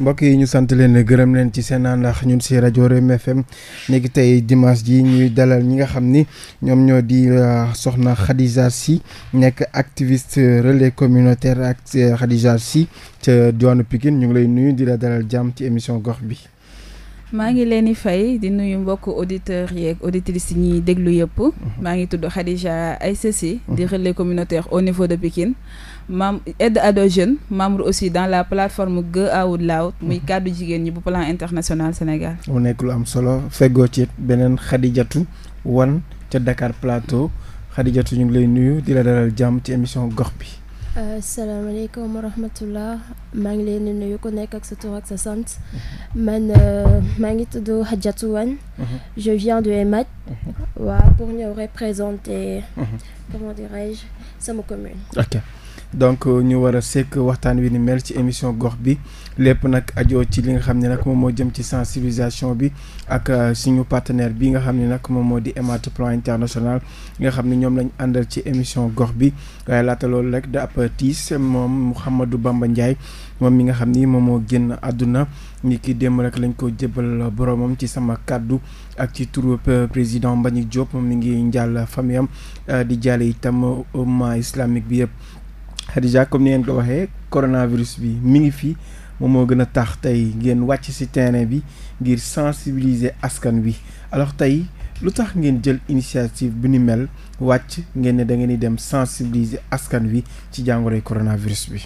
mbokk yi ñu sant leen gërëm leen ci seen ndax ñun si rajo Rewmi FM nekk tey dimanche ji ñuy dalal ñi nga xam ni ñoom ñoo di euh, soxna Khadija Sy nekk activiste relais communautaire ak euh, Khadija Sy ca diwaanu Pikine ñu ngi lay nuyu di la dalal jàmm ci émission gox bi. maa ngi leen di fay di nuyu mbokk auditeurs yeeg auditrices yi ñuy déglu yëpp. Mhm. maa ngi tudd Khadija ay Sy di mhm. relais communautaire au niveau de Pikine. membre aide ado jeune membre aussi dans la plateforme Girl Out Loud muy mhm. kàddu jigéen ñi bu plan international Sénégal. mu nekk lu am solo feggoo ci beneen Xadijatu wan ca Dakar Plateau Xadijatu ñu ngi lay nuyu di la dalal jàmm ci émission gox bi. asalaamaaleykum euh, wa rahmatullah maa ngi leen di nuyu ku nekk ak sa tur ak sa sant mhm. man euh, maa ngi tudd Hadjatou Wane mhm. je viens de Emat waaw pour ñëw représenter comment dirais-je sama commune. donc euh, ñu war a sekk waxtaan wi ni mel ci émission gox bi lépp nag ajoo ci li nga xam ne nag moom moo jëm ci sensibilisation bi ak euh, suñu partenaire bi nga xam ne nag moom moo di EMAD plan international nga xam ne ñoom lañ àndal ci émission gox bi waaye laata loolu rek da ab tiis moom Mouhamadou Bamba Ndiaye moom mi nga xam ni moom moo génn àdduna ni ki démb rek lañ ko jébbal boromam ci sama kàddu ak ci turu euh, président Mbagnick Diop moom mi ngi njàll famiyam di jàlle itam umma islamique bi yëpp Khadija comme ni ngeen ko waxee coronavirus bi mu ngi fi moom moo gën a tax tey ngeen wàcc ci terrain bi ngir sensibiliser askan wi alors tey lu tax ngeen jël initiative bu ni mel wàcc ngeen ne da ngeen di dem sensibiliser askan wi ci jàngoroy coronavirus bi.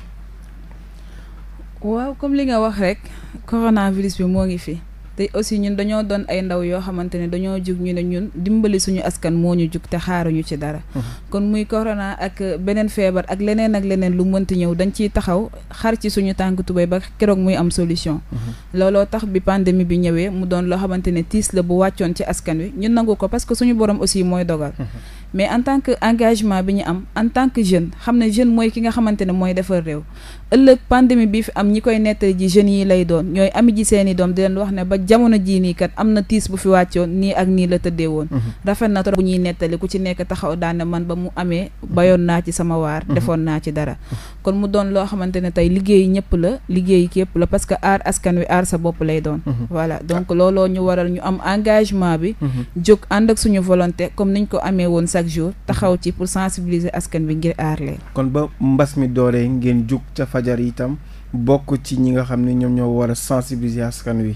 waaw comme li nga wax rekk coronavirus bi moo ngi fi te aussi ñun dañoo doon ay ndaw yoo xamante ne dañoo jug ñu ne ñun dimbali suñu askan moo ñu jug te xaaruñu ci dara mhm. kon muy corona ak beneen feebar ak leneen ak leneen lu mënti ñëw dañ ciy taxaw xar ci suñu tànk tubéy ba keroog muy am solution mhm. looloo tax bi pandémie bi ñëwee mu doon loo xamante ne tiis la bu wàccoon ci askan wi ñun nangu ko parce que suñu borom aussi mooy dogal mhm. mais en tant que engagement bi ñu am en tant que jeune xam ne jeune mooy ki nga xamante ne mooy defar réew ëllëg pandémie bi fi am ñi koy nettali ji jeunes yi lay doon ñooy ami ji seeni i doom di leen wax ne ba jamono jii nii am na tiis bu fi wàccoon nii ak nii la tëddee woon mhm. rafet na trop bu ñuy nettali ku ci nekk taxaw daane man ba mu amee bayoon naa ci sama waar mhm. defoon naa ci dara mhm. kon mu doon loo xamante ne tey liggéey ñëpp la liggéey képp la parce que aar askan wi aar sa bopp lay doon wala donc looloo ñu waral ñu am engagement bi jóg ànd ak suñu volonté comme niñ ko amee woon chaque jour taxaw ci pour sensibiliser askan bi ngir aar kon ba mbas mi dooree ngeen jóg ca fajar itam bokk ci ñi nga xam ne ñoom ñoo war a sensibiliser askan wi.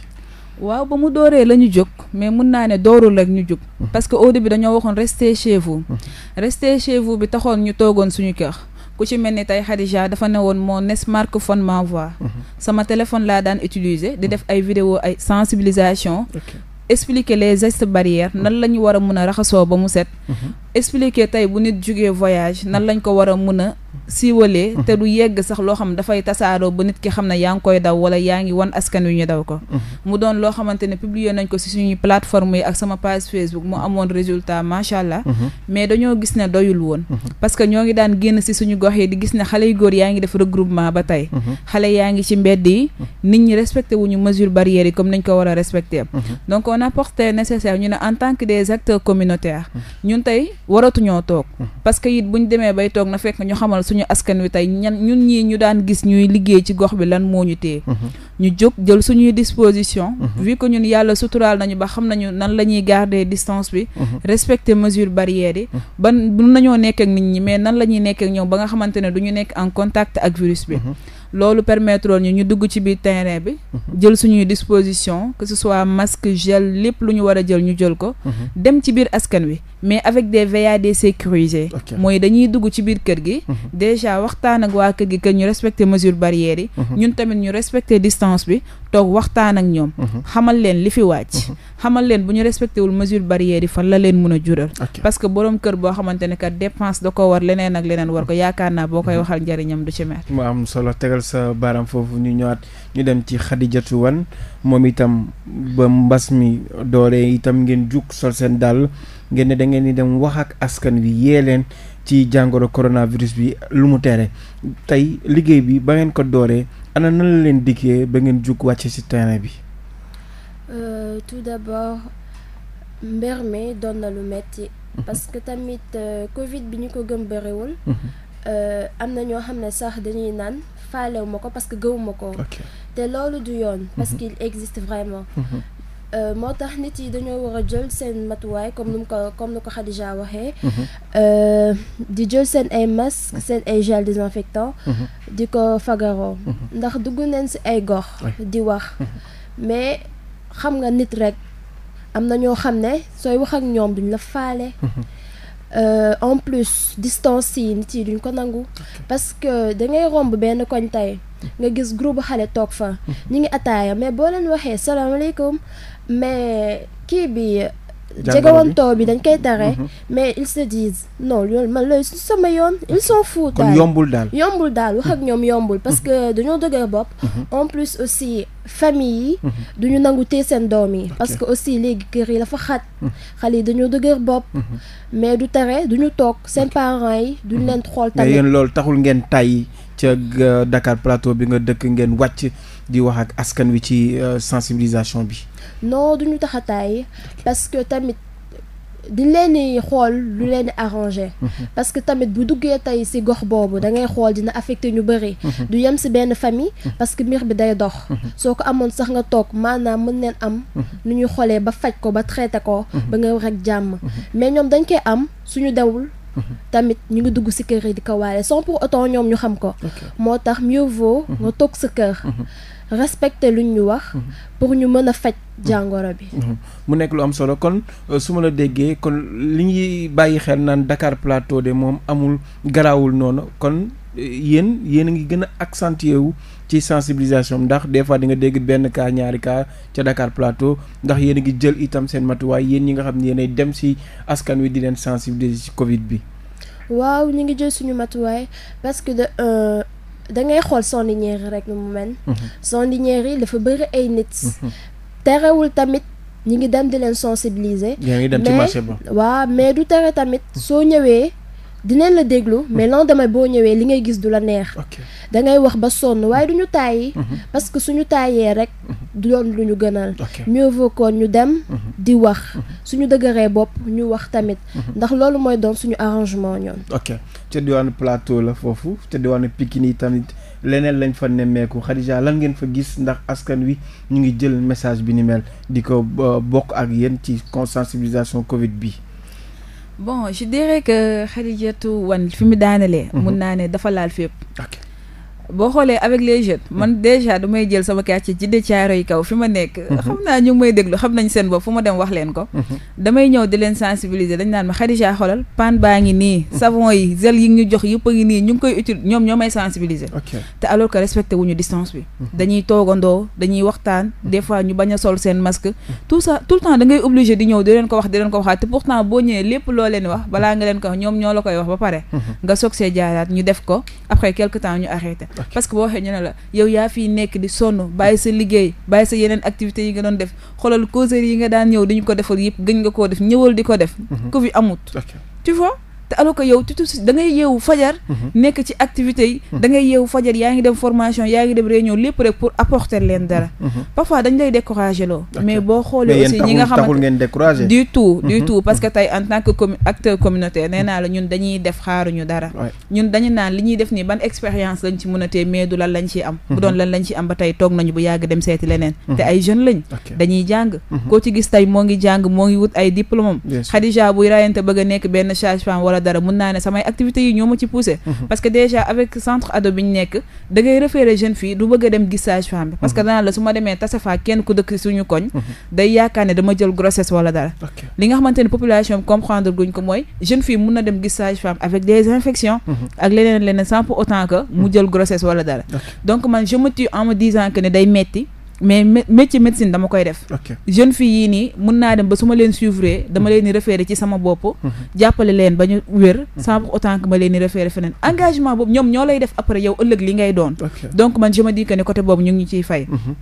waaw ba mu dooree la ñu jóg mais mun naa ne doorul rek ñu jóg. Mhm. parce que au début dañoo waxoon restez chez vous. Mhm. restez bi taxoon ñu toogoon suñu kër. ku ci mel ni tey Khadija dafa ne woon mon smartphone m'envoie mhm. sama téléphone laa daan utiliser di def ay vidéo ay sensibilisation explique les gestes barrières nan la ñu war a mun a raxasoo ba mu set expliquer tey bu nit jugee voyage nan lañ ko war a mun a siiwalee mm-hmm. te du yegg sax loo xam dafay tasaaroo ba nit ki xam ne yaa ngi koy daw wala yaa ngi wan askan wi ñu daw ko mm-hmm. mu doon loo xamante ne publier nañ ko si suñuy plateforme yi ak sama page Facebook mu amoon résultat macha allah. Mm-hmm. mais dañoo gis ne doyul woon parce que ñoo ngi daan génn si suñu gox yi di gis ne xale yu góor yaa ngi def regroupement ba tey xale yaa ngi ci mbedd yi nit ñi respecté wuñu mesure barrières yi comme nañ ko war a respecté donc on apporte nécessaire ñu ne en tant que des acteurs communautaires ñun tey waratuñoo toog parce que it ñu demee bay toog na fekk ñu xamal suñu askan wi tey ñan ñun ñii ñu daan gis ñuy liggéey ci gox bi lan moo ñu téye mhm. ñu jóg jël suñuy disposition mhm. vu que ñun yàlla suturaal nañu ba xam nañu nan la ñuy garder distance bi mhm. respecter mesure barrières yi ban mun nañoo nekk ak nit ñi mais nan la ñuy nekk ak ba nga xamante ne du ñu nekk en contact ak virus bi loolu permettre ñu ñu dugg ci biir terrain bi mhm. jël suñuy disposition que ce soit masque gel lépp lu ñu war a jël ñu jël ko mhm. dem ci biir askan wi mais avec des VAD sécurisés mooy dañuy dugg ci biir kër gi mhm. déjà waxtaan ak waa kër gi que ñu respecter mesures barrières yi ñun tamit ñu respecter distance bi toog waxtaan ak ñoom mhm. xamal leen li fi wàcc mhm. xamal leen bu ñu respecté wul mesure barrière yi fan la leen mun a jural parce que borom kër boo xamante ne kat dépense da ko war leneen ak leneen war ko yaakaar naa boo koy mhm. waxal njëriñam du ci mer mu am solo tegal sa baaraam foofu ñu ñëwaat ñu dem ci xadijatu wan moom itam ba mbas mi dooree itam ngeen jug sol seen dàll ngeen ne da ngeen di dem wax ak askan bi yee leen ci jàngoro coronavirus bi lu mu tere tey liggéey bi ba ngeen ko dooree ana nan la leen dikkee ba ngeen jug wàcce ci terrain bi. Euh, tout d'abord mbir mi doon na lu metti mhm. parce que tamit euh, Covid bi ñu ko gëm bëriwul. Mhm. Euh, am na ñoo xam ne sax dañuy naan faalew ma ko parce que gëwuma ko. te loolu du yoon. parce mhm. qu'il existe vraiment. Euh, moo tax nit yi dañoo war a jël seen matuwaay comme nu mu ko comme nu ko Khadija waxee. Mhm. Euh, di jël seen ay masque mhm. seen ay gel désinfectant mhm. di ko fagaroo. ndax dugg nañ ci ay gox. di wax mais xam nga nit rek am na ñoo xam ne sooy wax ak ñoom duñ la faale. Euh, en plus distance yi nit yi duñ ko nangu parce que dangay romb benn koñ tey nga gis groupe xale toog fa ñu ngi ataaya mais boo leen waxee salaamaaleykum mais kii bi. jegewantoo bi dañ koy tere. Mhm. mais ils se disent non loolu su sama yoon ils s'en foutent. kon yombul daal wax ak mhm. ñoom yombul. parce mhm. que dañoo dëgër bopp. en plus aussi famille yi. duñu nangu tee seen doom yi. parce que aussi léegi kër yi dafa xat. xale yi dañoo dëgër bopp. mais du du ñu toog seen parents yi duñu leen xool tamit. mais yéen loolu taxul ngeen tàyyi ca euh, Dakar Plateau bi nga dëkk ngeen wàcc. di wax ak askan wi ci euh, sensibilisation bi. non duñu tax a taay parce que tamit di leen xool lu leen di arranger. Mhm. parce que tamit bu duggee tey si gox boobu da ngay xool dina affecté ñu bëri. Mhm. du yem si benn famille. Mhm. parce que mbir bi day dox. soo ko amoon sax nga toog maanaam mën neen am. nu ñuy xoolee ba faj ko ba traité ko. ba ngay war ak jàmm. mais ñoom dañ koy am suñu dewul. tamit ñu ngi dugg si kër yi di ko waale sans pour ñoom ñu xam ko. moo tax mieux nga toog sa kër. respecter luñ ñu wax mhm. pour ñu mën a faj mhm. jàngoro bi mhm. mu nekk lu am solo kon euh, su ma la déggee kon li ñuy bàyyi xel naan dakaar Plateau de moom amul garawul noonu kon euh, yéen yéen a ngi gën a accentuer wu ci sensibilisation ndax des fois di nga dégg benn cas ñaari cas ca Dakar Plateau ndax yéen a ngi jël itam seen matuwaay yéen ñi nga xam ne yéenay dem si askan wi di leen sensibiliser ci Covid bi waaw ñu ngi jël suñu matuwaay parce de euh, dangay xool Sandiniéry rek nu mu mel. Mhm. Sandiniéry dafa bëri ay nit. Mhm. terewul tamit ñu ngi dem di leen sensibiliser. yaa ngi dem mais waaw mais du tere tamit mhm. soo ñëwee. dineen la déglu hmm. mais lendemain boo ñëwee li ngay gis du la neex da ngay wax ba sonn waaye du ñu tàyyi hmm. hmm. parce que suñu tàyyee rek du doon lu ñu gënal mieux vaut ñu dem di wax suñu dëgëree bopp ñu wax tamit ndax loolu mooy doon suñu arrangement ñoom ok ca plateau la foofu ca diwaanu Pikine yi tamit leneen lañ fa nemmeeku Khadija lan ngeen fa gis ndax askan wi ñu ngi jël message bi ni mel di ko euh, bokk ak yéen ci sensibilisation Covid bi bon je dirais que Khadijatou Wane fi mu daanelee. Mhm. mun naa ne dafa laal fépp. boo xoolee avec les jeunes man hmm. déjà damay jël sama quartier ci de caaro yi kaw fi ma nekk hmm. xam naa ñu ngi may déglu xam nañ seen bopp fu ma dem wax leen ko hmm. damay ñëw di leen sensibiliser dañu naan ma Khadija xoolal pan baa ngi nii savon yi gel yi ñu jox yëpp a ngi nii ñu ngi koy utiliser ñoom ñoo may sensibiliser te alors que respecté wuñu distance bi dañuy toogandoo dañuy waxtaan des fois ñu bañ a sol seen masque tout ça tout le temps da ngay obligé di ñëw di leen ko wax di leen ko waxaat te pourtant boo ñëwee lépp loo leen leen ko wax ñoo la koy wax ba pare nga soog see jaaraat ñu def ko après quelque temps ñu arrêté parce que boo waxee ñu ne la yow yaa fiy nekk di sonn bàyyi sa liggéey bàyyi sa yeneen activités yi nga doon def xoolal causerie yi nga daan ñëw dañu ko defal yëpp gëñ nga koo def ñëwal di ko def. ku mhm. fi amut. tu te alors que yow tuuti da ngay yeewu fajar. Mhm. nekk ci activité yi. Mhm. da ngay yeewu fajar yaa ngi dem formation yaa ngi dem réunion lépp rek pour apporter leen dara. Mhm. parfois dañ lay décourager loo. mais boo xoolee aussi ñi nga xamante du tout du tout en tant que acteur communautaire nee la ñun dañuy def xaaruñu dara. ñun dañu naan li ñuy def nii ban expérience lañ ci mën a mais du lan lañ ciy am. bu doon lan lañ ciy am ba tey toog nañu bu yàgg dem seeti leneen. te ay jeunes a dara mun naa ne samay activités yi ñoo ma ci poussé mhm. parce que déjà avec centre ado bi ñu nekk da ngay référé jeune fille du bëgg a dem gis sage-femme parce que mhm. danaa la su ma demee tase faa kenn ku dëkk suñu koñ mhm. day yaakaar ne dama jël grossesse wala dara li nga xamante ne population bi comprendre guñ ko mooy jeune fille mun na dem gis sage-femme avec des infections ak leneen leneen sans pour autant que mu jël grossesse wala dara donc man je me en me disant que ne day mais métier médecine dama koy def. jeune fille yii nii mun naa dem ba su ma leen suivre dama leen di référé ci sama bopp. Mhm. jàppale leen ba ñu wér. Mhm. sans pour autant que ma leen di référé feneen engagement boobu ñoom ñoo lay def après yow ëllëg li ngay doon. donc man je me dis que ne côté boobu ñu ngi ciy fay. Mhm.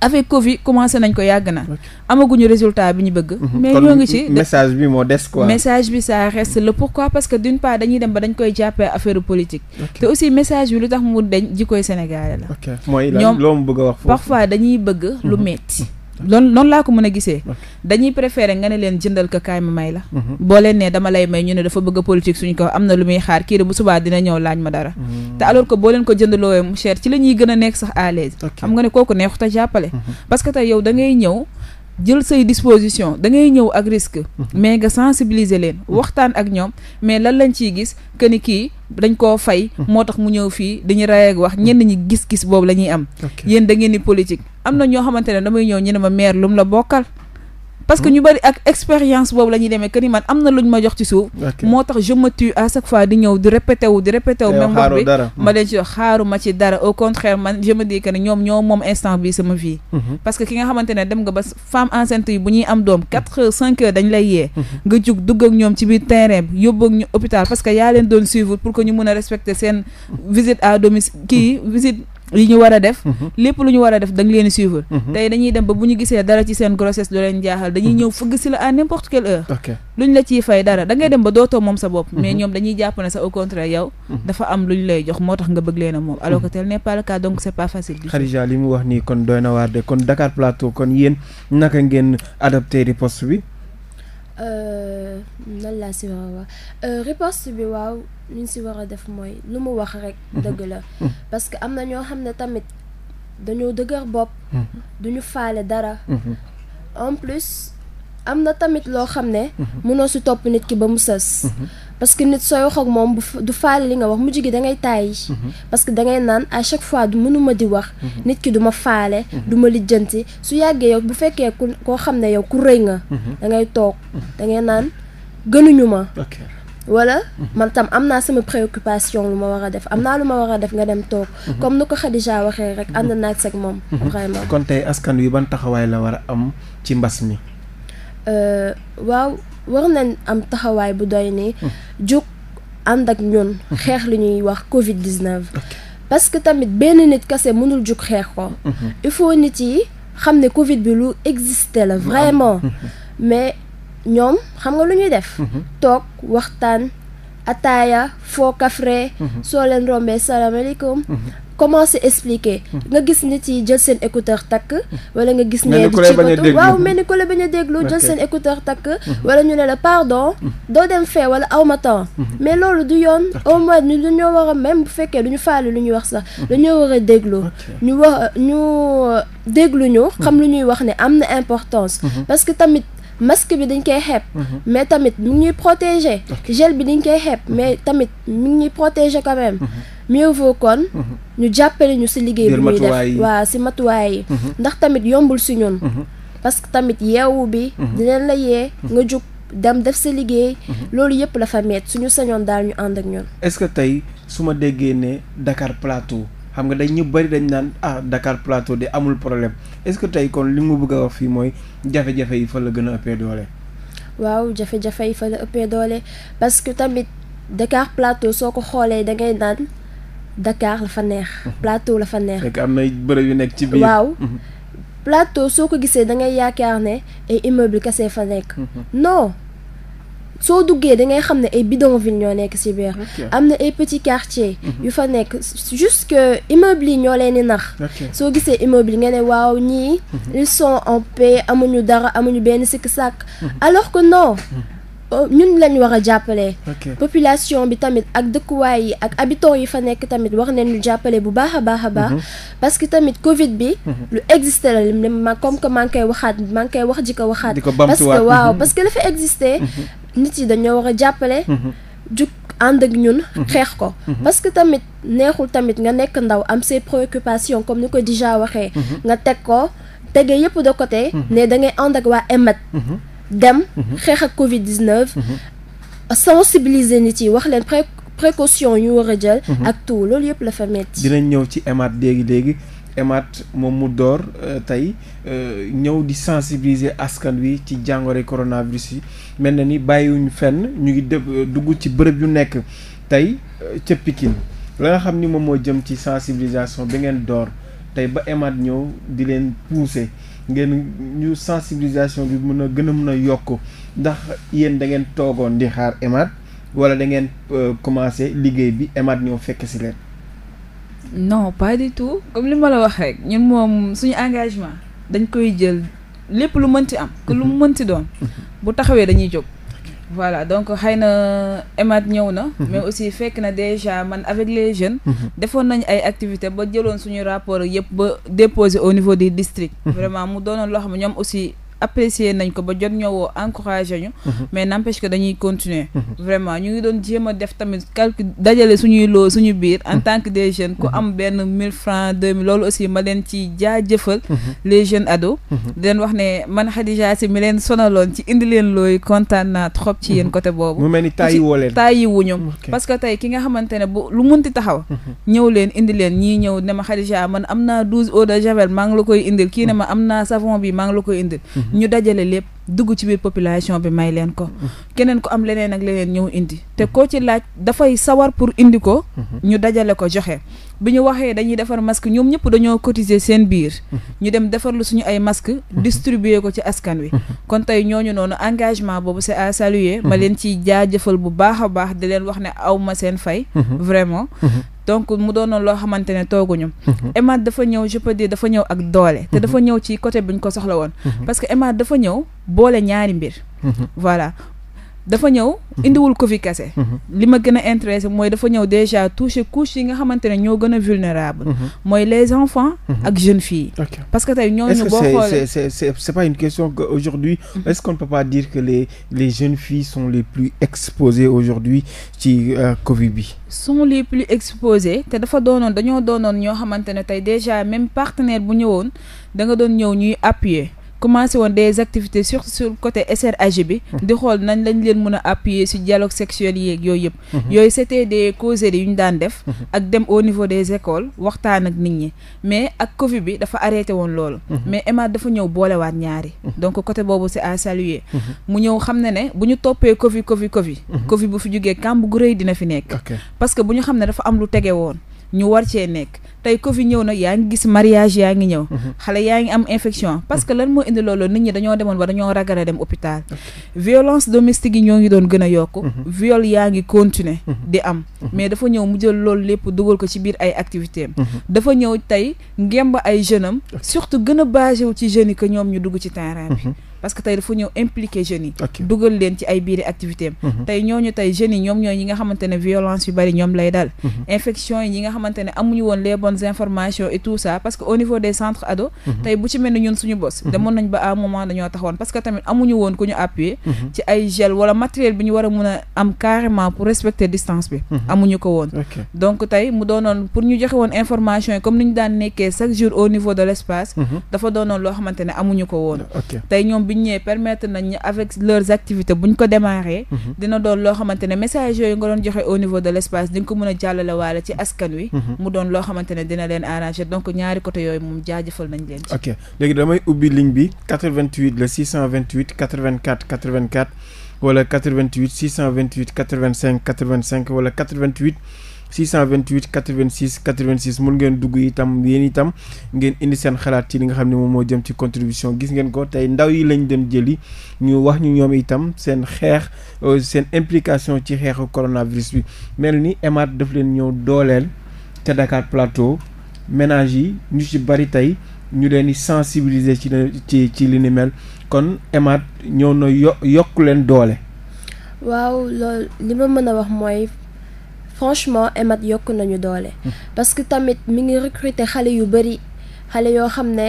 avec Covid commencé nañ ko yàgg na. amaguñu résultat bi ñu bëgg. Mhm. mais ñoo ngi ci message bi moo des ko message bi ça reste le pourquoi parce que d'une part dañuy dem ba dañ koy jàppee affaire politique. te aussi message bi lu tax mu deñ ji koy sénégalais la. ok mooy lan loo mu bëgg a wax foofu. parfois dañuy bëgg lu mhm. metti loolu noonu laa ko mën a gisee dañuy préféré nga ne leen jëndal ko kaay ma may la mhm. boo leen ne dama lay may ñu ne dafa bëgg a politique suñ ko am na lu muy xaar kii bu subaa dina ñëw laaj ma dara mhm. te alors que boo leen ko jëndaloo mu cher ci la ñuy gën a nekk sax à l'aise xam nga ne kooku neexut a jàppale mhm. parce que tey yow da ngay ñëw jël say disposition da ngay ñëw ak risque mhm. mais nga sensibiliser leen mhm. waxtaan ak ñoom mais lan lañ ciy gis que ni kii dañ koo fay mhm. moo tax mu ñëw fii dañu rey ak wax ñenn ñi gis-gis boobu la ñuy am yéen da ngeen ni politique am na ñoo xamante ne damay ñëw ñu ne ma maire lu mu la bokkal parce que hmm. ñu bari ak expérience boobu la ñuy demee que ni man am na luñ ma jox ci suuf. moo tax je à chaque fois di ñëw di répété di répété wu. bi ma hmm. leen ci wax xaaru ma ci dara au contraire man je me dis que ñoom ñoo moom instant bi sama vie. Hmm. parce que ki nga xamante ne dem nga ba femme enceinte yi bu ñuy am doom quatre heures cinq dañ lay yee. nga jug dugg ñoom ci biir terrain bi yóbbu ak ñu hôpital parce que yaa leen doon suivre pour que ñu mën a respecter seen à domicile kii visite. li ñu war a def mhm. lépp lu ñu war a def da nga leen suivre mhm. tey dañuy dem ba bu ñu gisee dara ci seen grossesse lu leen jaaxal dañuy mhm. ñëw fëgg si la à n'importe quelle heure luñ la ciy fay dara da ngay dem ba dootoo moom sa bopp mais ñoom dañuy jàpp ne sa au contraire yow dafa am lu ñu lay jox moo tax nga bëgg leen a moom alors que tel n'est pas le cas donc c'est pas facile Khadija li mu wax nii kon doy na waar de kon Dakar Plateau kon yéen naka ngeen adapté riposte bi Euh, nan laa si war a wax euh, riposte bi waaw li ñu si war a def mooy lu mu wax rek. Mhm. dëgg la mhm. parce que am na ñoo xam ne tamit dañoo dëggër bopp. Mhm. duñu faale dara. en plus. am na tamit loo xam ne. mënoo mhm. si topp nit ki ba mu ses mhm. parce que nit sooy wax ak moom du faale li nga wax mujj gi da ngay tàyyi. Mhm. parce que da ngay naan à chaque fois du mënuma di wax. nit ki du ma faale. du ma lijjanti su yàggee yow bu fekkee ku koo xam ne yow ku rëy nga. da ngay toog da ngay naan gënuñu ma. wala man tam am naa sama préoccupation lu ma war a def am naa lu ma war a def nga dem toog. comme nu ko Khadija waxee rek ànd naaj ak moom. vraiment kon tey askan wi ban taxawaay la war a am ci mbas mi. Euh, waaw war nañ am taxawaay bu doy ni hmm. jóg ànd ak ñun hmm. xeex li ñuy wax Covid 19. parce que tamit benn nit kese mënul jóg xeex ko. Hmm. il faut nit yi xam ne Covid bi lu existé la vraiment. mais ñoom xam nga lu ñuy def. toog waxtaan ataaya foo kafre. soo leen rombee salaamaaleykum. comment c'est hmm. nga gis nit yi jël seen écouteur takk wala nga gis ne di cibatu waaw mel ni ku la bañ a déglu jël seen écouteur takk hmm. wala ñu ne la pardon hmm. doo dem fee wala aw ma temps mais loolu du yoon au moins ñu war a même bu fekkee du ñu faale lu ñuy wax sax dañoo war a déglu ñu wax ñu déglu ñu xam lu ñuy wax ne am na importance parce que tamit masque bi dañ koy xepp mais tamit mi ngi ñuy protéger gel bi dañ koy xeeb mais tamit mi ngi ñuy protéger quand même mieux vaut kon. Mhm. ñu jàppale ñu si liggéey bi ñuy def waa si matuwaay yi. Mhm. ndax tamit yombul si ñun. Mhm. parce que tamit yeewu bi. dinañ la yee nga jóg dem def sa liggéey. loolu yëpp la fa meet suñu señoon daal ñu ànd ak ñun. est-ce que tey su ma déggee ne Dakar Plateau xam nga dañ ñu bëri dañ naan ah Dakar Plateau de amul problème est-ce que tey kon li mu bëgg a wax mooy jafe-jafe yi fa la gën a ëppee doole. waaw jafe-jafe yi fa la ëppee doole parce que tamit Dakar Plateau soo ko xoolee da ngay naan. Dakar la fa neex. Mhm. plateau la fa neex. fekk am na bërëb yu nekk ci biir waaw. Mhm. plateau soo ko gisee da ngay yaakaar ne ay immeuble kese fa nekk. Mhm. non soo duggee da ngay xam ne ay bidonville ñoo nekk ci biir. am na ay petits quartiers. yu fa nekk juste que immeuble yi ñoo leen di nax. soo gisee immeuble yi nga ne waaw ñii. ils sont en paix amuñu dara amuñu benn sikk sàkk. alors que non. ñun lañ war a jàppale. population bi tamit ak dëkkuwaay yi ak habitants yi fa nekk tamit wax neen lu jàppale bu baax a baax a baax. Mhm. parce que tamit Covid bi. Mhm. lu existé la ma comme que maa ngi koy waxaat maa ngi koy wax ji ko waxaat. parce que waaw mhm. parce que dafa existé. nit yi dañoo war a jàppale. jug ànd ak ñun. xeex ko parce que tamit neexul tamit nga nekk ndaw am ses préoccupations comme ni ko déjà waxee. nga teg ko tege yëpp de côté. ne da ngay ànd ak waa EMAD. dem. Mhm. xeex ak Covid 19. Mhm. sensibiliser nit yi wax leen pré précaution yu war a jël. Mhm. ak tout loolu yëpp la fa metti dinañ ñëw ci EMAD léegi léegi. EMAD moom mu door euh, tey euh, ñëw di sensibiliser askan wi ci jàngoro coronavirus yi mel na ni bàyyiwuñu fenn ñu ngi euh, dugg ci bërëb yu nekk tey ca Pikine la nga xam ni moom moo jëm ci sensibilisation bi ngeen door tey ba EMAD ñëw di leen pousser. ngeen ñu sensibilisation bi mun a gën a mën a yokk ndax yéen da ngeen toogoon di xaar EMAD wala da ngeen euh, commencé liggéey bi EMAD ñoo fekk si leen. non pas du tout comme li ma la wax rek ñun moom suñu engagement dañ koy jël lépp lu mënti am. que lu mu mhm. mënti doon. bu taxawee dañuy jóg. voilà donc xëy na EMAD ñëw na. Mhm. mais aussi fekk na déjà man avec les jeunes. Mhm. defoon nañu ay activités ba jëloon suñu rapport yëpp ba déposé au niveau du district. Mhm. vraiment mu doonoon loo xam ne ñoom aussi. apprécier nañ ko ba jot ñoo woo encouragé ñu. Mhm. mais n'empêche que dañuy continuer. Mhm. vraiment ñu ngi doon jéem a def tamit quelque dajale suñuy loo suñu biir. en mhm. tant que des jeunes ku am benn mille francs 2000 loolu aussi ma leen ci jaajëfal. les jeunes ados. di leen wax ne man Khadija si mi leen sonaloon ci indi leen looy kontaan naa trop ci yéen côté boobu. mu mel ni yi woo leen taay yi parce que tey ki nga xamante ne bu lu mun ti taxaw. ñëw leen indi leen ñii ñëw ne ma Khadija man am naa 12 eau de javel maa ngi la koy indil kii ne ma am naa savon bi maa ngi la koy indil. ñu dajale lépp dugg ci biir population bi may leen ko keneen ko am leneen ak leneen ñëw indi te koo ci laaj dafay sawar pour indi ko ñu dajale ko joxe bi ñu waxee dañuy defar masque ñoom ñëpp dañoo cotiser seen biir ñu dem defarlu suñu ay masque distribuer ko ci askan wi kon tey ñooñu noonu engagement boobu c'est à saluer ma leen ciy jaajëfal bu baax a baax di leen wax ne aw ma seen fay vraiment donc mu doonoon loo xamante ne tooguñu mhm. EMAD dafa ñëw je peux dafa ñëw ak doole te mhm. dafa ñëw ci côté bu ñu ko soxla woon mhm. parce que EMAD dafa ñëw boole ñaari mbir voilà dafa ñëw mhm. indiwul ko fi kese mhm. li ma gën a intéressé mooy dafa ñëw déjà touché couche yi nga xamante ne ñoo gën a vulnérable mhm. mooy les enfants ak jeunes filles parce que tey ñooñu boo xoolee c'est c'est question que aujourd'hui est-ce pas dire que les les jeunes filles sont les plus exposées aujourd'hui ci euh, Covid bi sont les plus exposées te dafa doonoon dañoo doonoon ñoo xamante ne tey déjà même partenaire bu ñëwoon da nga doon ñëw ñuy appuyer commencé woon des activités surtout sur côté SRAG bi. Hmm. di xool nañ lañ leen mën a appuyer si dialogue sexuel yeeg yooyu yëpp. Hmm. Hmm. yooyu c' était des causeries yu ñu daan def. ak dem au niveau des écoles waxtaan ak nit ñi mais ak Covid bi dafa arrêté woon loolu. mais Emma dafa ñëw boolewaat ñaari. donc côté boobu c' est à saluer. mu ñëw xam ne ne bu ñu toppee Covid Covid Covid. Covid bu fi jugee kàmb gu rëy dina fi nekk. parce que bu ñu xam ne dafa am lu tege woon. ñu war cee nekk tey Covid ñëw nag yaa ngi gis mariage yaa ngi ñëw mhm. xale yaa ngi am infection mhm. parce que lan moo indi loolu nit ñi dañoo demoon ba dañoo ragale dem hôpital violence domestique yi ñoo ngi doon gën a yokk mhm. viole yaa ngi continuer di am mais dafa ñëw mu jël loolu lépp dugal ko ci biir ay activité dafa ñëw tey ngemb ay jeune am surtout gën a basé wu ci jeunes yi que ñoom ñu dugg ci terrain bi parce que tey dafa ñëw impliqué jeunes yi dugal leen ci ay biiri activité am mhm. tey ñooñu tey jeunes yi ñoom ñooy ñi nga xamante violence yu bari ñoom lay dal mhm. infection yi ñi nga xamante amuñu woon les bonnes informations et tout parce que au niveau des centres ados mhm. tey bu ci mel ni ñun que tamit amuñu woon ku ñu appuyer ci ay bi ñu war a mun a am carrément pour respecter bi amuñu ko woon donc tey mu doonoon pour ñu joxe woon information yi comme ni ñu daan nekkee chaque jour au niveau de l'espace dafa doonoon loo xamante amuñu ko woon tey ñoom bi ñu ñëwee permettre nañ ñu avec leurs activités bu ñu ko démarrer. Mhm. dina doon loo xamante ne message yooyu nga doon joxe au niveau de l' espace di ko mën a jàllale waale ci askan wi. Mhm. mu doon loo xamante dina leen arranger donc ñaari côté yooyu moom jaajëfal nañ leen ci. ok léegi damay ubbi ligne bi 88 le 628 84 84 wala 88 628 85 85 wala 88. 628 86 86 mun ngeen dugg itam yéen itam ngeen indi seen xalaat ci li nga xam ne moom moo jëm ci contribution gis ngeen ko tey ndaw yi lañ dem jëli ñu wax ñu ñoom itam seen xeex euh, seen implication ci xeexu coronavirus bi mel ni EMAD daf leen ñëw dooleel ca Dakar Plateau ménage yi ñu ci bari tey ñu leen di sensibiliser ci ci ci li ni mel kon EMAD ñëw na yokk leen doole. waaw loolu li ma mën a wax mooy. franchement EMAD yokk nañu doole. Hmm. parce que tamit mi ngi recruité xale yu bëri xale yoo xam ne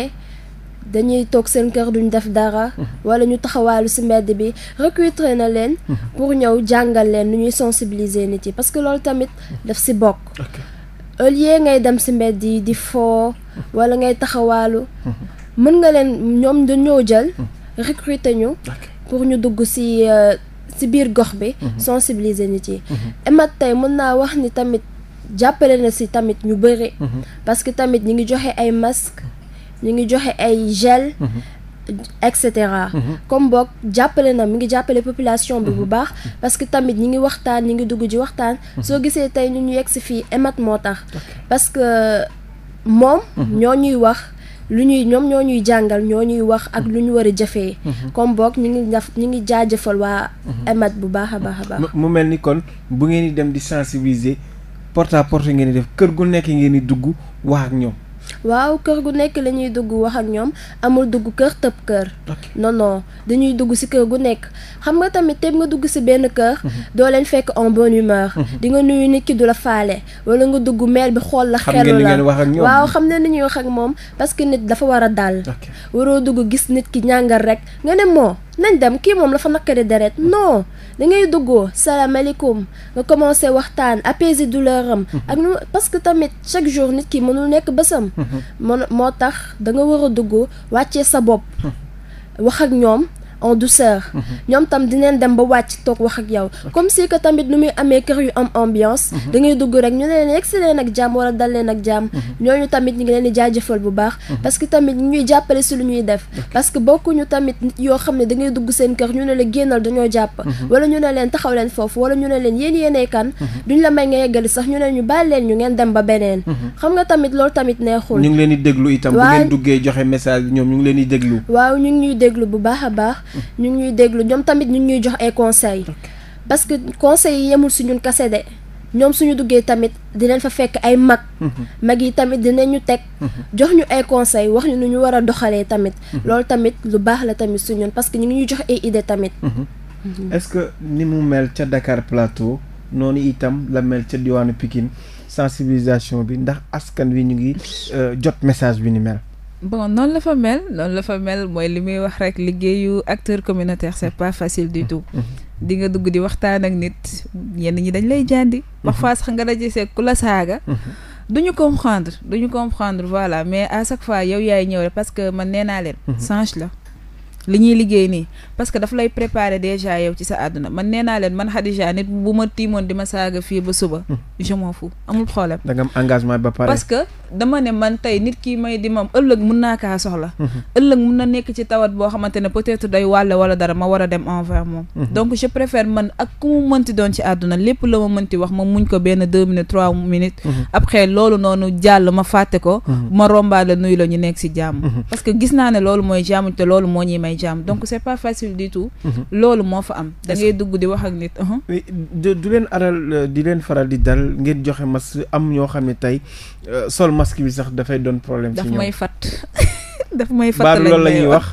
dañuy toog seen kër duñu def dara. Hmm. wala ñu taxawaalu ci mbedd bi recruter na leen. Hmm. pour ñëw jàngal leen nu ñuy sensibiliser nit yi parce que loolu tamit daf ci bokk. au ngay dem ci mbedd yi di foo walla ngay taxawaalu. mën nga leen ñoom dañoo jël. recruter ñu. pour ñu dugg ci. Euh, si biir gox bi mhm. sensibiliser nit yi mhm. emat tey mën naa wax ni tamit jàppale na si tamit ñu bëri mhm. parce que tamit ñu ngi joxe ay masque ñu ngi joxe ay gel et cetera comme boog jàppale na mi ngi jàppale population bi bu baax parce que tamit ñi ngi waxtaan ñi ngi dugg ji waxtaan soo gisee tey ñu ñu yegg si fii emat moo tax parce que moom ñoo ñuy wax lu ñuy ñoom ñoo ñuy jàngal ñoo ñuy wax ak lu ñu war a jëfee. Mhm. comme boog ñu ngi def ñu ngi jaajëfal waa. Mhm. emat bu baax a baax a baax. mu mel ni kon bu ngeen di dem di sensibiliser porte à porte ngeen di def kër gu nekk ngeen di dugg wax ak ñoom. waaw kër gu nekk la ñuy dugg wax ak ñoom amul dugg kër tëb kër non non dañuy dugg si kër gu nekk xam nga tamit tëb nga dugg si benn kër mhm. doo leen fekk en bonne humeur mhm. di nga nuyu nit ki du la faale wala nga dugg meel bi xool la xelu la waaw xam ne ni ñuy wax ak moom parce que nit dafa war a dal waroo dugg gis nit ki ñàngal rek nga ne moo nañ dem kii moom la fa naqari deret non da ngay duggoo salaamaaleykum nga commencé waxtaan apaiser douleur am. Mhm. ak nu parce que tamit chaque jour nit ki mënul nekk bësam. Mhm. moo tax da nga war a dugg wàccee sa bopp. Mhm. wax ak ñoom en douceur. ñoom tam dinañ dem ba wàcc toog wax ak yow. comme si ko tamit nu muy amee kër yu am ambiance. Mhm. dangay dugg rek ñu ne leen yegg si leen ak jàmm wala dal leen ak jàmm. Mhm. ñooñu tamit ñu ngi leen di jaajëfal bu baax. Mhm. parce que tamit ñuy jàppale si lu ñuy def. parce que bokkuñu tamit yoo xam ne da ngay dugg seen kër ñu ne la génnal dañoo jàpp. wala ñu ne leen taxaw foofu wala ñu ne leen yéen yéenay kan. la may nga yeggali sax ñu ne ñu bàyyi ñu ngeen dem ba beneen. xam nga tamit loolu tamit neexul. ñu ngi leen di déglu itam bu duggee joxe message ñoom ñu ngi leen di déglu. waaw ñu ngi déglu bu baax a baax ñu ngi ñuy déglu ñoom tamit ñu ngi ñuy jox ay conseils. parce que conseils yi yemul si ñun kase de ñoom suñu duggee tamit dinañ fa fekk ay mag. Mhm. mag yi tamit dinañu teg. Mhm. jox ñu ay conseils wax ñu nu ñu war a doxalee tamit. Mhm. loolu tamit lu baax la tamit su ñun parce que ñu ngi ñuy jox ay idées tamit. est que ni mu mel ca Dakar Plateau noonu itam la mel ca diwaanu Pikine sensibilisation bi ndax askan wi ñu ngi euh, jot message bi ni mel. bon noonu la fa mel noonu la fa mel mooy li muy wax rek liggéeyu acteur communautaire c'est pas facile du tout mm-hmm. di nga dugg di waxtaan ak nit ñenn ñi dañ lay jàndi mm-hmm. parfois sax nga daje see ku la saaga mm-hmm. duñu comprendre duñu comprendre voilà mais à chaque fois yow yaay ñëwee parce que man nee naa leen change la li ñuy liggéey nii parce que daf lay préparer déjà yow ci sa àdduna man nee naa leen man Khadija nit bu ma tiimoon di ma saaga fii ba suba je m'en fous amul problème engagement ba que dama ne man tey nit kii may di moom ëllëg mun naa kaa soxla mhm. ëllëg mun na nekk ci tawat boo xamante ne peut-être day wàlle wala dara ma war a dem envers moom mhm. donc je préfère man ak ku mu mënti doon ci àdduna lépp la ma mënti wax ma muñ ko benn deux minutes trois minutes mhm. après loolu noonu jàll ma fàtte ko ma rombaale nuyu la ñu nekk si jàmm parce que gis naa ne loolu mooy jàmm te loolu moo ñuy may jàmm donc c'est pas facile du tout loolu moo fa am da dugg di wax ak nit uh-huh. du leen aral euh, di leen faral di dal ngeen joxe mas am ñoo xam ne tey euh, sol masque bi sax dafay doon problème. ci ñoom daf may fat daf may fat lañ la ñuy wax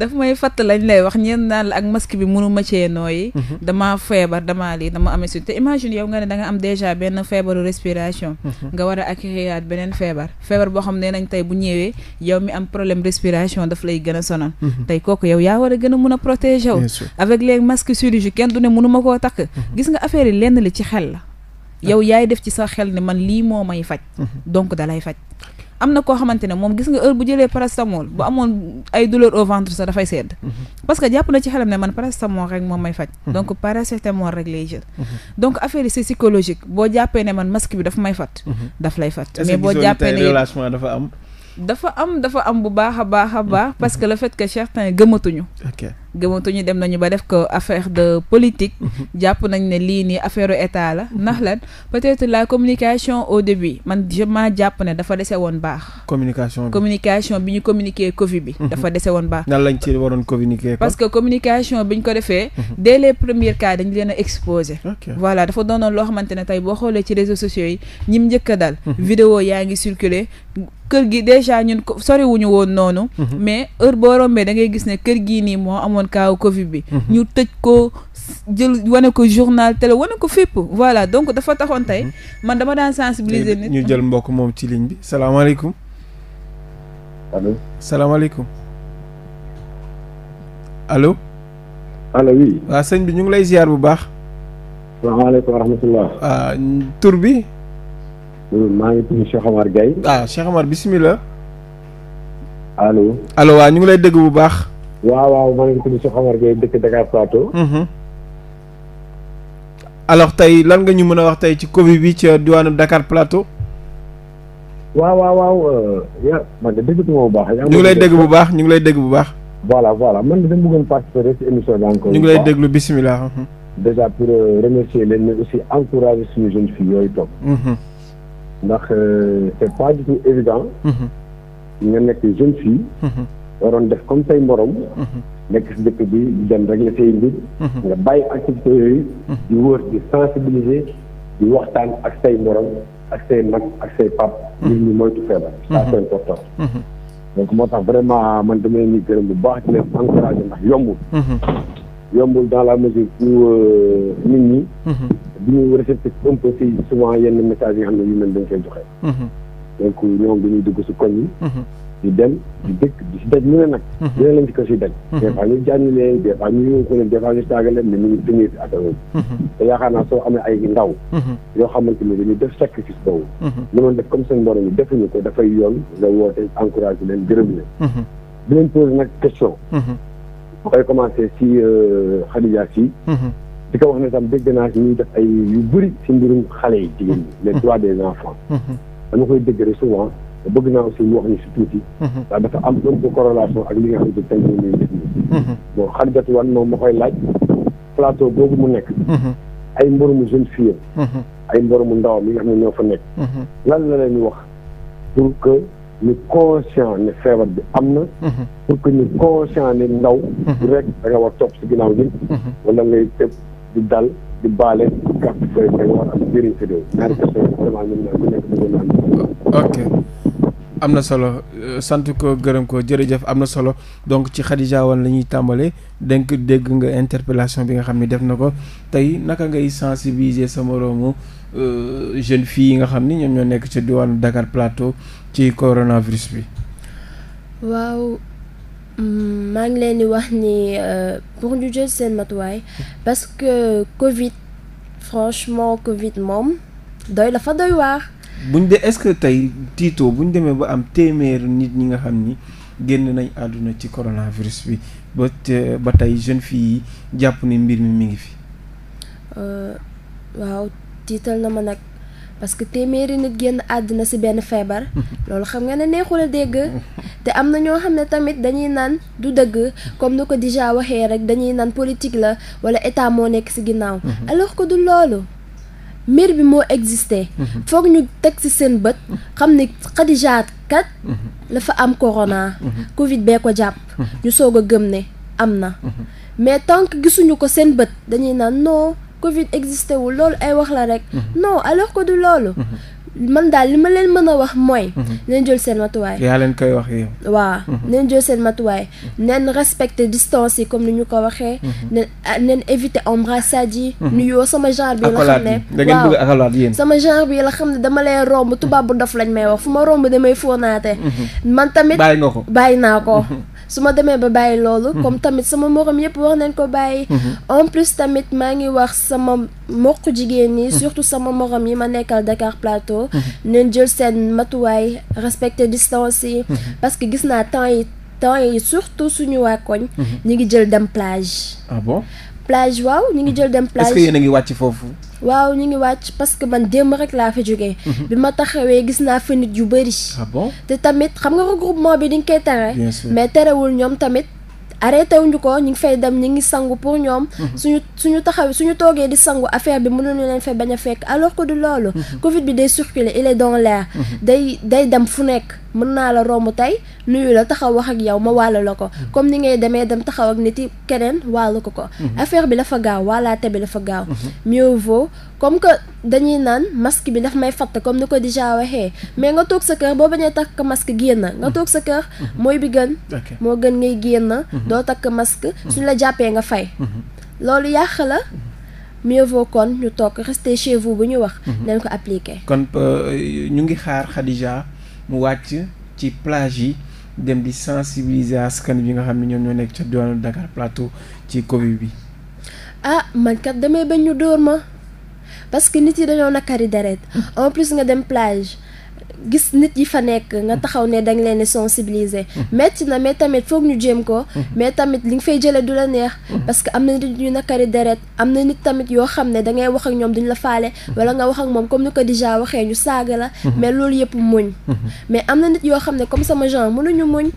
daf may fatt lañ lay wax ñeen naan la ak masque bi mënu ma cee nooyi. Mhm. damaa feebar damaa lii dama amee suñ te imagine yow nga ne da am déjà benn feebaru respiration. Mhm. nga war a acquérir beneen feebar. feebar boo xam ne nañ tey bu ñëwee yow mi am problème respiration daf lay gën a sonal. Mhm. tey kooku yow yaa war a gën a mun a protéger wu. avec les masques chirurgicaux kenn du ne mënu koo takk. gis nga affaire lenn li ci yow yaay def ci sa xel ne man lii moo may faj mhm. donc dalay faj am na koo xamante ne moom gis nga heure bu jëlee paracétamol bu amoon ay douleur au ventre sax dafay sedd mhm. parce que jàpp na ci xelam ne man paracétamol rek moom may faj mhm. donc paracétamol rek lay jël donc affaire yi c'est psychologique boo jàppee ne man masque bi dafa may fat daf lay faj mais boo jàppee ne relâchement dafa am dafa am dafa am bu baax a baax a baax parce que la fait que certains gëmatuñu ok gëmatuñu dem nañu ba def ko affaire de politique mhm. jàpp nañ ne lii nii affaire état la mhm. ndax lan peut-être la communication au début man je ma jàpp ne dafa dese woon baax communication communication bi ñu communiquer Covid bi mhm. dafa dese woon baax nan lañ ci waroon communiquer parce que communication bi ñu ko defee dès les premiers cas dañ leen a exposé voilà dafa doonoon loo xamante ne tey boo xoolee ci réseaux sociaux yi ñim njëkk a dal vidéo yaa ngi circuler kër gi déjà ñun soriwuñu woon noonu mais heure boo rombee da ngay gis ne kër gii nii moo amoon amoon kaaw Covid bi. Mhm. ñu tëj ko jël wane ko journal télé wane ko fépp. voilà donc dafa taxoon tey mhm. man dama daan sensibiliser nit. ñu jël mbokk moom ci liñ bi salaamaaleykum. allo salaamaaleykum. allo. allo sëñ bi ñu ngi lay ziar bu baax. salaamaaleykum wa rahmatulah. tur bi. maa ngi tudd Cheikh Omar Gueye. bisimilah. allo. allo waaw ñu ngi lay dégg bu baax. waaw waaw maa ngi tudd Cheikh Omar Gueye dëkk Dakar Plateau. Mhm. alors tey lan nga ñu mën a wax tey ci Covid bi ci diwaanu Dakar Plateau. waaw waaw waaw euh, yow man de bu baax. ñu ngi lay dégg bu baax ñu ngi lay dégg bu baax. voilà voilà man de dama bëggoon participer ci émission bi encore. ñu ngi lay déglu bisimilah. Mhm. déjà pour euh, remercier leen mais aussi encourager suñu jeunes filles yooyu toog. Mhm. ndax euh, c'est pas du tout évident. nga nekk jeune fille. waroon def comme say morom. Mhm. nekk dëkk bi di dem rek la say mbir. Mhm. nga bàyyi activité yooyu. Mhm. di wër di sensibiliser di waxtaan ak say morom ak say mag ak say pap nit ñi moytu feebar. ça c'est important. donc moo tax vraiment man damay ni gërëm bu baax di leen encouragé ndax yombul. yombul dans la mesure euh, nit ñi. du ñu réceptif un peu si souvent yenn messages yi nga xam ne yu mel dañ koy joxe. donc ñoom dañuy dugg si koñ yi. di dem di dëkk di si daj lu ne nag. Mhm. lu ne lañ ci ko si daj. Mhm. des fois ñu jànni leen des fois ñu yóbbu leen des fois ñu taaga leen mais ñu ngi tenir si affaire mhm. te yaakaar naa soo amee ay ndaw. yoo xamante ni dañuy def sacrifice boobu. mënoon def comme seen borom yi defuñu ko dafay yoon nga woote encouragé leen gërëm leen. di leen posé nag question. koy commencé si euh, Khadija si. di ko wax ne tam dégg naa si ñuy def ay yu bëri si mbirum xale yi jigéen ñi les droits des bëgg naa aussi wax ñu si tuuti. ndax mhm. dafa am un peu corrélation ak li nga xam ne tey jii ñuy mhm. koy laaj. plateau boobu mu nekk. Mhm. ay mboromu jeune fille. ay mboromu ndaw mi nga xam ne ñoo fa nekk. lan la leen wax pour que ñu conscient ne feebar bi am na. pour que ñu conscient ne ndaw. rek da nga war topp si ginnaaw gi. wala ngay tëb di dal. di baale gàtt fay fay war am jëriñ si réew ñaari question yi vraiment ñun ñoo ku nekk bëgg naa ok am na solo euh, sant ko gërëm ko jërëjëf am na solo donc ci Khadija Wane la ñuy tàmbalee dénk dégg nga interpellation bi nga xam ni def na ko tey naka ngay sensibiliser sa moroomu euh, jeune fii yi nga xam ni ñoom ñoo nekk ca diwaanu Dakar Plateau ci coronavirus bi. waaw mm, maa ngi leen di wax ni euh, pour ñu jël seen matuwaay parce que Covid franchement Covid moom doy la doy waar. buñ de est-ce que tey bu buñ demee ba am téeméer nit ñi nga xam ni génn nañ àdduna ci coronavirus bi ba ba tey jeune fii yi jàpp ni mbir mi mi ngi fi. Euh, waaw tiital na ma nag parce que téeméeri nit génn àdduna si benn feebar. loolu xam nga ne neexul a dégg. te am na ñoo xam ne tamit dañuy naan du dëgg comme ni ko déjà waxee rek dañuy naan politique la walla état moo nekk si ginnaaw. alors que du loolu. maire bi moo existé. Mhm. foog ñu teg ci seen bët. Mhm. xam ne Khadija kat. la mhm. am corona. Covid bee ko jàpp. ñu soog a gëm ne am na. mais tant gisuñu ko seen bët dañuy naan non Covid existé wul loolu ay wax la rek. non alors que du loolu. man daal li ma leen mën a wax mooy. Mhm. nañ jël seen matuwaay. yaa leen koy wax yow. waaw mhm. nañ jël seen matuwaay. Mhm. nañ respecter distance yi comme ni ñu ko waxee. nañ ah, nañ éviter embrassade yi. nuyoo sama genre bi da ngeen bëgg akalaat yéen sama genre bi la xam ne dama lay romb tubaab bu dof lañ may wax fu ma romb damay fóonaate. man tamit bàyyi nga ko bàyyi naa ko. su ma demee ba bàyyi loolu mhm. comme tamit sama moroom yëpp war nañ ko bàyyi mhm. en plus tamit maa ngi wax sama mokk jigéen ñi mhm. surtout sama morom yi ma nekkal Dakar Plateau neen jël seen matuwaay respecter distance yi parce que gis naa temps yi temps yi surtout suñu waa koñ ñu ngi jël dem plage ah plage waaw ñu ngi jël dem plage est-ce que a ngi wàcc foofu waaw ñu ngi wàcc parce que man démb rek laa fa jógee. Mhm. bi ma taxawee gis naa fa nit yu bëri. ah te tamit xam nga regroupement bi di dañ koy tere. mais terewul ñoom tamit. arrêté wuñu ko ñu ngi fay dem ñu ngi sangu pour ñoom. Mhm. suñu suñu taxaw suñu toogee di sangu affaire bi mënuñu leen fay bañ a fekk alors ko du loolu. Mhm. Covid bi day circuler il est dans l'air. day day dem fu nekk. mën naa la romb tey nuyu la taxaw wax ak yow ma wàll la ko mm-hmm. comme ni ngay demee dem taxaw ak nit yi keneen wàllu ko ko mm-hmm. affaire bi dafa gaaw wàllaate bi dafa gaaw mm-hmm. mieux vaut comme que dañuy naan masque bi daf may fatt comme ni ko déjà waxee mais nga toog sa kër boo bañee takk masque génn nga toog sa kër mooy bi gën moo gën ngay génn doo takk masque suñ la jàppee nga fay loolu yàq la mieux kon ñu toog rester chez vous bu ñu wax neen ko appliquer kon euh, ñu ngi xaar Khadija mu wàcc ci plage yi dem di sensibiliser askan bi nga xam ne ñoom ñoo nekk ca doonu Dakar Plateau ci Covid bi. ah man kat damay bañ ñu dóor ma parce que nit yi dañoo nakari deret hmm. en plus nga dem plage. gis nit yi fa nekk nga taxaw ne danga leen sensibiliser metti na mais tamit foog ñu jéem ko mais tamit li nga fay jëlee du la neex parce que am na nit ñu nakari deret am na nit tamit yoo xam ne dangay wax ak ñoom duñ la faale wala nga wax ak moom comme ni ko déjà waxee ñu saaga la mais loolu yëpp muñ mais am na nit yoo xam ne comme sama genre mënuñu muñ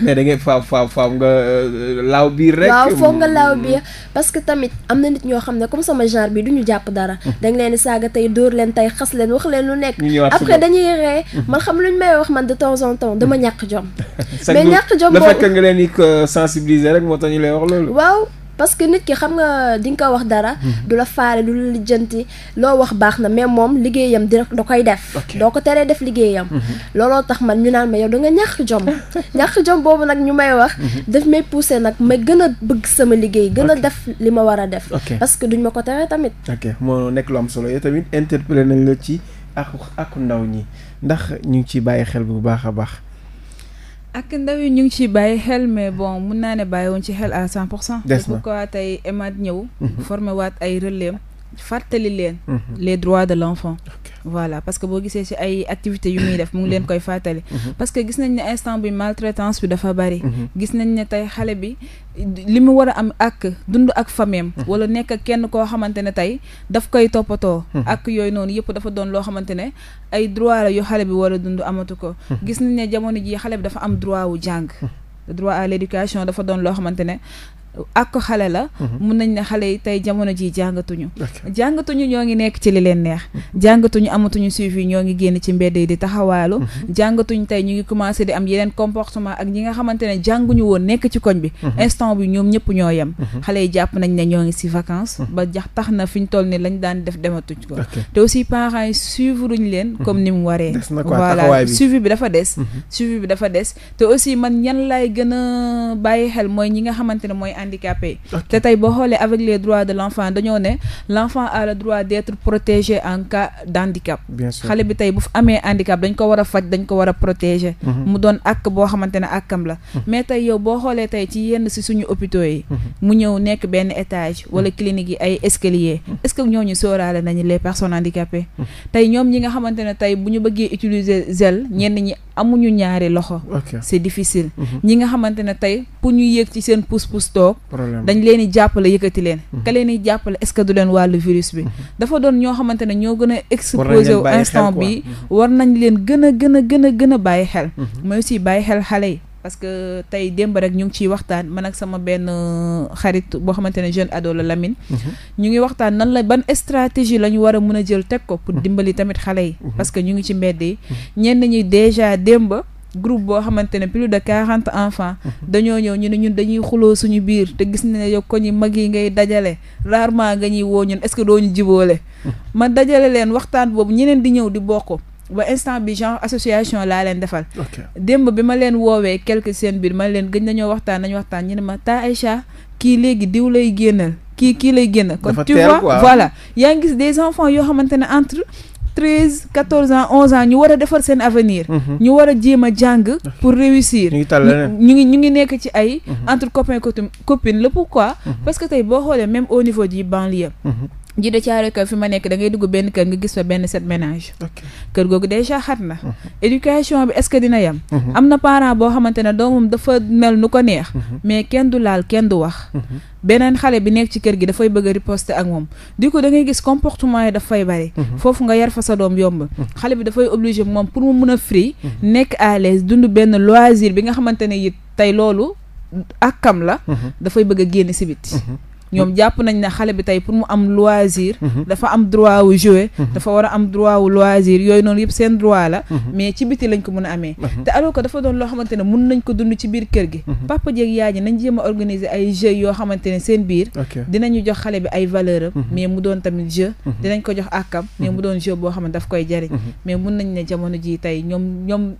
mais da ngay faaf faaf faaf euh, laaw biir rek waaw foog nga laaw biir parce que tamit am na nit ñoo xam ne comme sama genre bi du ñu jàpp dara mm. dañ leen saaga tey dóor leen tey xas leen wax leen lu nekk après dañuy dañuy xam mhm. man xam luñ may wax man de temps en temps dama ñàkk jom mais ñàkk jom boobu la fekk nga di euh, sensibiliser rek moo tax ñu lay wax waaw parce que nit ki xam nga di nga ko wax dara mhm. du la faale du la lijjanti loo wax baax na mais moom liggéeyam di da koy def doo ko teree def liggéeyam mhm. looloo tax man ñu naan ma yow da nga ñàkk jom ñàkk jom boobu nag ñu may wax daf may poussé nag ma gën a bëgg sama liggéey gën a def li ma war a def parce que duñ ma ko teree tamit ok moo nekk lu am solo yow tamit interpellé nañ la ci aku aku ndaw ñi ndax ñu ngi ciy bàyyi xel bu baax a baax. ak ndaw yi ñu ngi ci bàyyi xel mais bon mun naa ne bàyyi ci xel à 100 pour cent. des na quoi tey EMAD ñëw. Mhm. formé ay relais fàttali leen. Mhm. les droits de l'enfant. voilà parce que boo gisee si ay activités yu muy def mu ngi leen koy fàttali mm-hmm. parce que gis nañ ne instant bi maltraitance bi dafa bari mm-hmm. gis nañ ne tey xale bi li mu war a am ak dund ak fameem mm-hmm. wala nekk ak kenn koo xamante ne tey daf koy toppatoo ak yooyu noonu yëpp dafa doon loo xamante ne ay droit la yu xale bi war a dund amatu ko gis nañ ne jamono ji xale bi dafa am droit wu jàng droit à l'éducation dafa doon loo xamante ne ak ko xale la mhm. mun nañ ne xale yi tey jamono ji jàngatuñu jàngatuñu ñoo ngi nekk ci li leen neex mhm. jàngatuñu amatuñu suivi ñoo ngi génn ci mbedd yi di taxawaalu mhm. jàngatuñu tey ñu ngi commencé di am yeneen comportement ak ñi nga xamante ne jànguñu woon nekk ci koñ bi instant bi ñoom ñëpp ñoo yem xale yi jàpp nañ ne ñoo ngi si vacance ba jax tax na fi ñu toll ni lañ daan def dematuñ ko te aussi parents yi suivre leen comme ni mu waree voilà suivi bi dafa des suivi bi dafa des te aussi man ñan laay gën a bàyyi xel mooy ñi nga xamante ne mooy handicapés ah. te tey boo xoolee avec les droits de l' enfant dañoo ne l' enfant a le protégé en cas d' xale bi tey bu fi amee handicap dañ ko war a faj dañ ko war a protéger mhm. mu doon ak boo xamante ne àkkam la mhm. mais tey yow boo xoolee tey ci yenn si suñu hôpitaux yi mhm. mu ñëw nekk benn étage wala clinique yi ay escalier est ce que ñooñu sóoraale nañu les personnes handicapées tey ñoom ñi nga xamante ne tey bu ñu bëggee utiliser zel ñenn ñi amuñu ñaari loxo c'est difficile bopp dañ leen di jàppale yëkkati leen mhm. ka leen di jàppale est que du leen wàllu virus bi mhm. dafa doon ñoo xamante ne ñoo gën a exposé wu instant bi mhm. war nañ leen gën a gën a gën a gën a bàyyi xel mais aussi bàyyi xel xale yi parce que tey démb rek ñu ngi ciy waxtaan man ak sama benn euh, xarit boo xamante ne jeune ado la Lamine. ñu ngi waxtaan nan la ban stratégie la ñu war a mën a jël teg ko. pour dimbali tamit xale yi. parce que ñu ngi ci mbedd yi. ñenn ñi déjà démb. groupe boo xamante ne plus de quarante enfants dañoo ñëw ñu ne ñun dañuy xuloo suñu biir te gis ne yow ko ñi mag yi ngay dajale rarement nga ñuy woo ñu est ce que doo ñu jiboole ma dajale leen waxtaan boobu ñeneen di ñëw di bokk ba instant bi genre association laa leen defal démb bi ma leen woowee quelque seen biir ma leen gëj nañoo waxtaan nañu waxtaan ñu ne ma taa Aïcha kii léegi diw lay génnal kii kii lay génnal kon tu vois voilà yaa ngi gis des enfants ne entre treize quatorze ans onze ans ñu war a defar seen avenir. Mhm. ñu war a jéem a jàng ah. pour réussir. ñu ngi tàllale ñu ngi ñu ngi nekk ci ay. Mhm. entre copain copine la pourquoi. Mhm. parce que tey boo xoolee même au niveau di du banlieue. jide caare kër fi ma nekk dangay ngay dugg benn kër nga gis fa benn set ménage kër googu déjà xat na mhm. éducation bi est-ce que dina yem mhm. am na parent boo xamante ne doomam dafa mel nu ko neex mhm. mais kenn du laal kenn du wax beneen xale bi nekk ci kër gi dafay bëgg a ak moom di ko da ngay gis comportement yi dafay bari foofu nga yar fa sa doom yomb xale bi dafay obligé moom pour mu mun a frie nekk à l'aise dund benn loisir bi nga xamante ne it tey loolu akkam la dafay bëgg a génn si biti ñoom jàpp nañ ne xale bi tey pour mu am loisir mhm. dafa am droit wu jouer mhm. dafa war a am droit wu loisir yooyu noonu yëpp seen droit la mhm. mais ci biti lañ ko mun a amee te alors que dafa doon loo xamante ne mun nañ ko dund ci biir kër gi papa jeeg yaay ji nañ jéem a organiser ay jeux yoo xamante ne seen biir dinañu jox xale bi ay valeur am mais mu doon tamit jeu dinañ ko jox àkkam mais mu doon jeu boo xam ne daf koy jariñ mais mun nañ ne jamono ji tey ñoom ñoom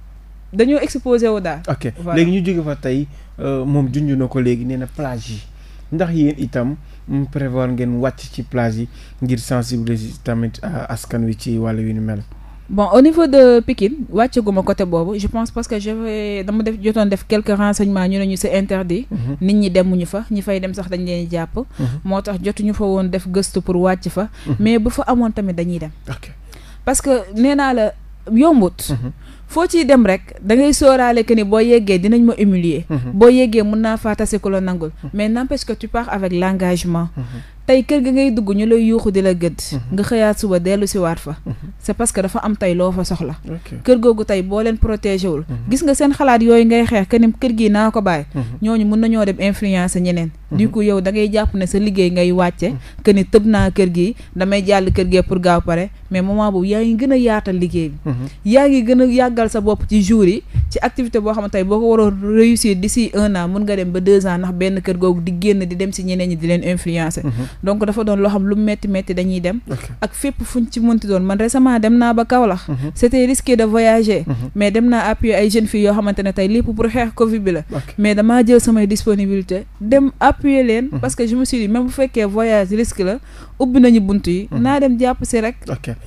dañoo exposé wu daal ok léegi ñu jóge fa tey euh, moom junj na ko léegi nee na plage yi ndax yéen itam prévoir ngeen wàcc ci plage yi ngir sensibiliser tamit euh, askan wi ci wàll yu ni mel. bon au niveau de Pikine wàccaguma côté boobu je pense parce que je vais dama def jotoon def quelques renseignements ñu ne ñu c'est interdit. Mhm. nit ñi demuñu fa ñi fay dem sax dañ leen jàpp. Mhm. moo tax jotuñu fa woon def gëstu pour wàcc fa. Mhm. mais ba fa amoon tamit dañuy dem. parce que nee naa la yombut. Mm foo ciy dem rek da ngay sóoraale que ni boo yeggee dinañ ma humilier. Mm-hmm. boo yeggee mun naa faa tase ku la nangul. Mm-hmm. mais n'empêche que tu pars avec l'engagement. Mm-hmm. tey kër ga ngay dugg ñu lay yuuxu di la gëdd mhm. nga xëyaat suba dellu si waat fa mhm. c'est parce que dafa am tey loo fa soxla kër googu tey boo leen protégé wul mhm. gis nga seen xalaat yooyu ngay xeex que ni kër gi naa ko bàyyi ñoo ñu mun nañoo dem influencer ñeneen du coup yow da ngay jàpp ne sa liggéey ngay wàcce que ni tëb naa kër gi damay jàll kër gee pour gaaw pare mais moment boobu yaa ngi gën a yaatal liggéey bi yaa ngi gën a yàggal sa bopp ci jour yi ci activité boo xamante ne boo ko waroon réussir d'ici un an mun nga dem ba deux ans ndax benn kër googu di génn di dem si ñeneen ñi di leen influencer donc dafa doon loo xam lu métti métti dañuy dem ak fépp fuñ ci mënti doon man récemment dem naa ba Kaolack mhm. c'était risqué de voyager mhm. mais dem naa appuyer ay jeunes filles yoo xamante ne tey lépp pour xeex Covid bi la mais damaa jël samay disponibilité dem appuyer leen mhm. parce que je me suis bu fekkee voyage risque la ubbi nañu bunt yi naa dem jàpp si rek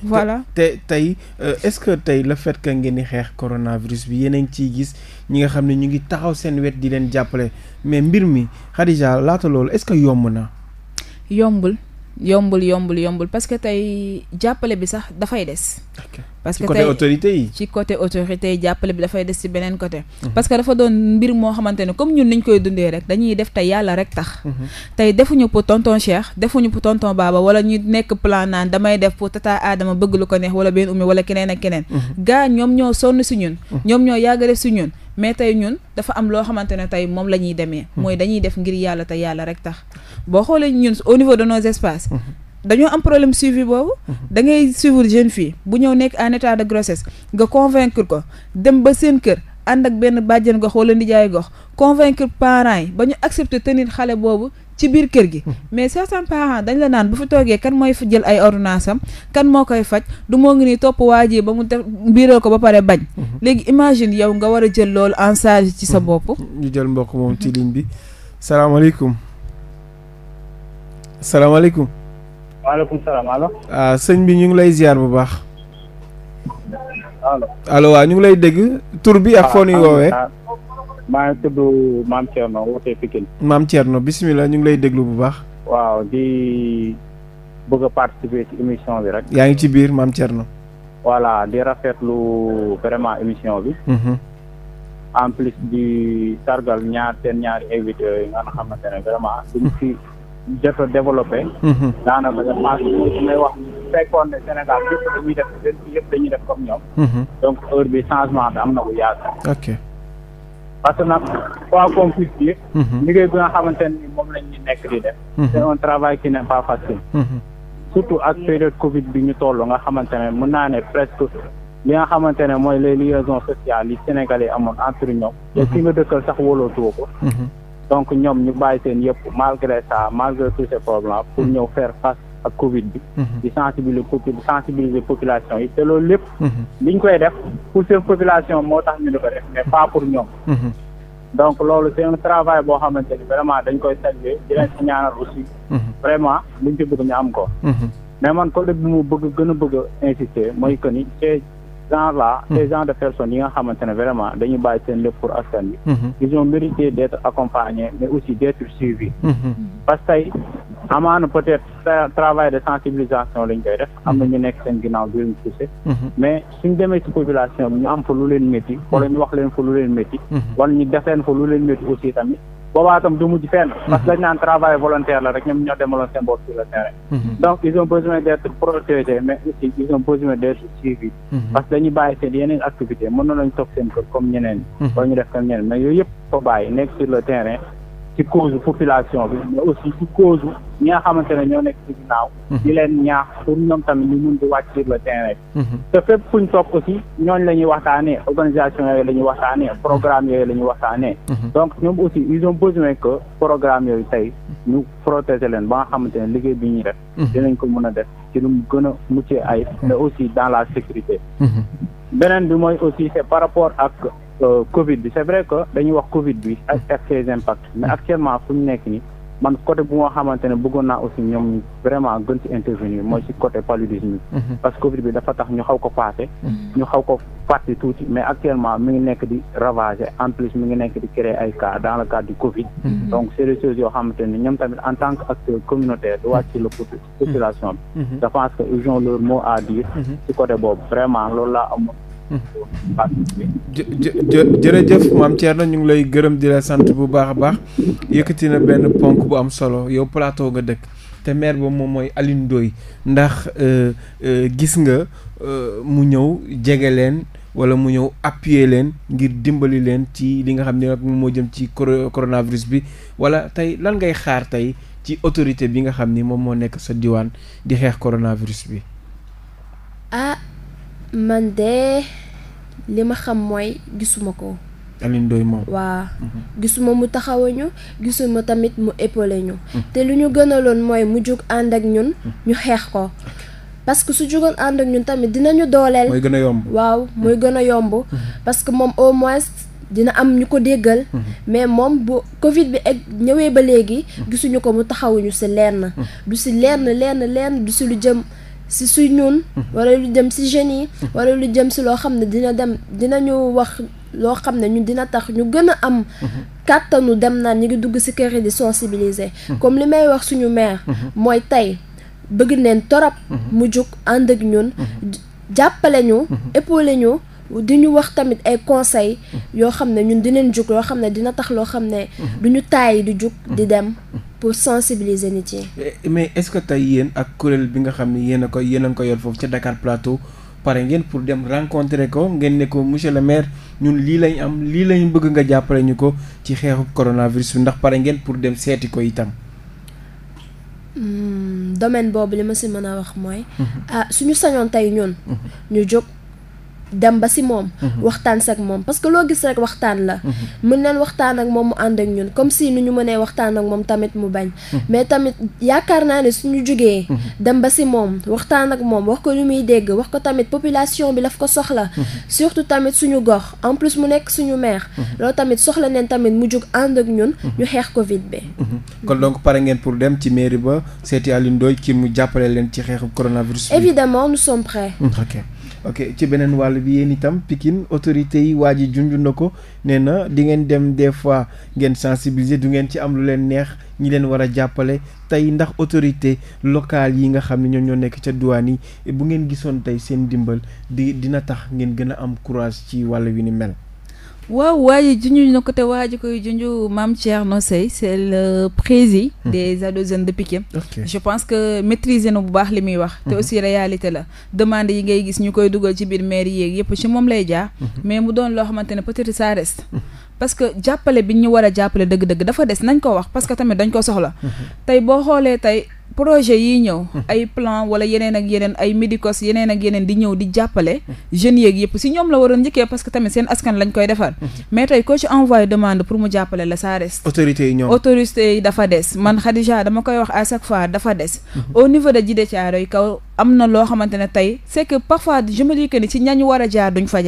voilà te tey euh, est-ce que tey le fait que ngeen di xeex coronavirus bi yéen a ngi ciy gis ñi nga xam ne ñu ngi taxaw seen wet di leen jàppale mais mbir mi Khadija laata loolu est-ce que yomb na yombul yombul yombul yombul parce que tey jàppale bi sax dafay des. parce que tey ci côté autorité yi. ci côté autorité yi jàppale bi dafay des ci beneen côté. Mhm. parce que dafa doon mbir moo xamante ne comme ñun ni ñu koy dundee rek dañuy def te yàlla rek tax. Mhm. tey defuñu pour tonton Cheikh defuñu pour tonton Baba wala ñu nekk plan naan damay def pour tata Adama bëgg lu ko neex wala benn ummi wala keneen ak keneen. Mhm. gaa ñoom ñoo sonn si ñun. ñoom ñoo yàgg si ñun. mais tey ñun dafa am loo xamante ne tey moom la ñuy demee. Hmm. mooy dañuy def ngir yàlla te yàlla rek tax boo xoolee ñun au niveau de nos espaces. Hmm. dañoo am problème suivi boobu. Hmm. dangay ngay suivre jeune bu ñëw nekk en état de grossesse nga convaincre ko dem ba seen kër. ànd ak benn bàjjen gox wala nijaay gox convaincre parents yi ba ñu accepter tenir xale boobu ci biir kër gi mhm. mais certains parents dañ la naan bu fi toogee kan mooy jël ay ordonnance am kan moo koy faj du moo ngi ni topp waa ji ba mu def mbiral ko ba pare bañ mhm. léegi imagine yow nga war a jël loolu en charge ci sa mhm. bopp ñu jël mbokk moom ci ligne bi salaamaaleykum salaamaaleykum waaleykum salaam allo ah sëñ bi ñu ngi lay ziar bu baax allo allo waaw ñu ngi lay dégg tur bi ak ah, foo nuy woowee maa ngi tudd maam Thierno wootee Pikine. maam Thierno bisimilah ñu ngi lay déglu bu baax. waaw di bëgg a participer ci émission bi rek. yaa ngi ci biir maam Thierno. voilà di lu vraiment émission bi. Mhm. en plus di sargal ñaar seen ñaari invité yi nga xamante ne vraiment suñu fi jot a développé. Mhm. daanaka vraiment su may wax fekkoon ne Sénégal yëpp dañuy def yëpp dañuy mhm. donc heure bi changement am na bu yàgg. ok. parce que nag quoi a puisse dire. liggéey bi nga xamante ni moom lañ nekk di def. Mhm. c' un travail qui n' pas facile. Mhm. surtout ak période Covid bi ñu toll nga xamante ne mën naa ne presque li nga xamante ne mooy les liaisons sociales yi Sénégalais amoon entre ñoom. Mhm. te ki nga dëkkal sax wóolootuwoo ko. donc ñoom ñu bàyyi seen yëpp malgré ça malgré tous ces problèmes pour ñëw faire face. ak Covid bi. Mhm. di sensibiliser popu sensibiliser population yi te loolu lépp. Mhm. liñ koy def pour seen population moo tax ñu di ko def mais pas pour ñoom. Mhm. donc loolu c'est un travail boo xamante ni vraiment dañ koy saluer di leen si ñaanal aussi. vraiment liñ ci bëgg ñu am ko. mais man ko bi mu bëgg gën a bëgg a mooy que ni ces gens là. ces gens de personnes yi nga xamante ne vraiment dañu bàyyi seen lépp pour askan bi ils ont mérité d'être accompagnés mais aussi d'être amaana peut-être travail de sensibilisation lañ koy def am mhm. na ñu nekk seen ginnaaw bi ñu poussé mais mhm. suñ demee ci population bi ñu am fa lu leen métti wala ñu wax leen fa lu leen métti wala ñu def leen fa lu leen métti aussi tamit boobaa du mujj fenn parce que dañ naan travail volontaire la rek ñoom ñoo demaloon seen bopp sur le terrain donc ils ont besoin d' être protégés mais aussi ils ont besoin d' parce que dañuy bàyyi seen yeneen activité ci cause population bi mais aussi ci cause ñi nga xamante ne ñoo nekk ci ginnaaw. Mhm. di leen ñaax pour ñoom tamit ñu mun di wàcc sur le terrain. Mhm. te fépp fu ñu toog aussi ñooñu la ñuy waxtaanee organisation yooyu la ñuy waxtaanee programme yooyu la ñuy waxtaanee. Mhm. donc ñoom aussi ils ont besoin que programme yooyu tey ñu protéger leen ba nga xamante ne liggéey bi ñu def. dinañ ko mën a def ci lu mu gën a muccee ay mais aussi dans la sécurité. beneen bi mooy aussi c'est par Euh, Covid bi c'est vrai que dañuy wax Covid bi ak ak ses impacts mais mm-hmm. actuellement fu ñu nekk nii man côté bu nga xamante bëggoon naa aussi ñoom vraiment gën ci intervenir mooy ci côté paludisme bi mm-hmm. parce que Covid bi dafa tax ñu xaw ko passé mm-hmm. ñu xaw ko fàtte tuuti mais actuellement mi ngi nekk di ravager en plus mi ngi nekk di créer ay cas dans le cadre du Covid donc c'est des yoo xamante ñoom tamit en tant que acteur communautaire di wàcc la population jërëjëf maam Thierno ñu ngi lay gërëm di la sant bu baax a baax yëkkati na benn ponk bu am solo yow plateau nga dëkk te maire ba moom mooy Alioune Ndoye ndax euh, euh, gis nga euh, mu ñëw jege leen wala mu ñëw appuyer leen ngir dimbali leen ci li nga xam ne nag moo jëm ci coronavirus bi wala tey lan ngay xaar tey ci autorité bi nga xam ni moom moo nekk sa diwaan di xeex coronavirus bi ah, man de li ma xam mooy gisuma ko. Alioune Ndoye moom. waaw mhm. gisuma mu taxawuñu gisuma tamit mu épaulé ñu. Mhm. te lu ñu gënaloon mooy mu jug ànd ak ñun. Mhm. ñu xeex ko. parce que su jugoon ànd ak ñun tamit dinañu dooleel. mooy waaw mooy gën a yomb. parce que moom au moins dina am ñu ko déggal. mais moom bu Covid bi egg ñëwee ba léegi. gisuñu ko mu taxawuñu si lenn. du si lenn lenn lenn du si lu jëm. si su ñun. Mhm. wala lu dem si jeunes yi. Mhm. wala lu jëm si loo xam ne dina dem dina ñu wax loo xam ne ñun dina tax ñu gën a am. Mhm. kàttanu dem naan ñi ngi dugg si kër yi di sensibiliser. comme li may wax suñu maire. mooy tey bëgg neen torop. mu jug ànd ak ñun. jàppale ñu. épaulé ñu. di ñu wax tamit ay conseils yoo xam ne ñun dinañ jug loo xam ne dina tax loo xam ne. du ñu taay di jug di dem. pour sensibiliser nit yi. Eh, mais est-ce que tey yéen ak kuréel bi nga xam ni yéen a ko yéen ko yor foofu ca Dakar Plateau pare ngeen pour dem rencontrer ko ngeen ne ko monsieur le maire ñun lii lañ am lii lañ bëgg nga jàppale ñu ko ci xeexu coronavirus bi ndax pare ngeen pour dem seeti ko itam. Hmm, domaine boobu li ma si mën a wax mooy. su mhm. ah, suñu sañoon tey ñun. Mhm. ñu jóg. dem ba si moom. Mhm. waxtaan sak moom parce que loo gis rek waxtaan la. Mhm. mën nañ waxtaan ak moom mu ànd ak ñun comme si nu ñu mënee waxtaan ak moom tamit mu bañ. Mhm. mais tamit yaakaar naa ne suñu jugee. dem ba si moom waxtaan ak moom wax ko lu muy dégg wax ko tamit population bi daf ko soxla. surtout tamit suñu gox en plus mu nekk suñu maire. loolu tamit soxla neen tamit mu jug ànd ak ñun. ñu xeex Covid bi. kon donc pare ngeen pour dem ci mairie ba seeti Alioune Ndoye ci mu jàppale leen ci xeexu coronavirus. évidemment nous sommes prêts. ok. ok ci beneen wàll bi yéen itam Pikine autorité yi waa ji junj na ko nee na di ngeen dem dee fois ngeen sensibiliser du ngeen ci am lu leen neex ñi leen war a jàppale tey ndax autorité locale yi nga xam ne ñoom ñoo nekk ca duwaan yi bu ngeen gisoon tey seen dimbal di dina tax ngeen gën a am courage ci wàll wi ni mel. waaw waaye juñ na ko te waa ji koy junj Mame Thierno Seye c'est le président des ados jeunes de Pikine je pense que maîtriser na bu baax li muy wax te aussi réalité la demande yi ngay gis ñu koy dugal ci biir mairie yeeg yëpp ci moom lay jaar mais mu doon loo xamante ne peut-être ça parce que jàppale bi ñu war a jàppale dëgg-dëgg dafa des nañ ko wax parce que tamit dañ ko soxla tey boo xoolee tey projet yi ñëw ay plan wala yeneen ak yeneen ay médicos yeneen ak yeneen di ñëw di jàppale jeunes yeeg yëpp si ñoom la waroon njëkkee parce que tamit seen askan lañ koy defar mais tey ko ci envoyé demande pour mu jàppale la ça des autorité yi dafa des man Khadija dama koy wax à chaque fois dafa des au niveau de Djiddah Thiaroye Kao am na loo xamante ne tey c'est que parfois je me dis que ni ci war a jaar duñ fa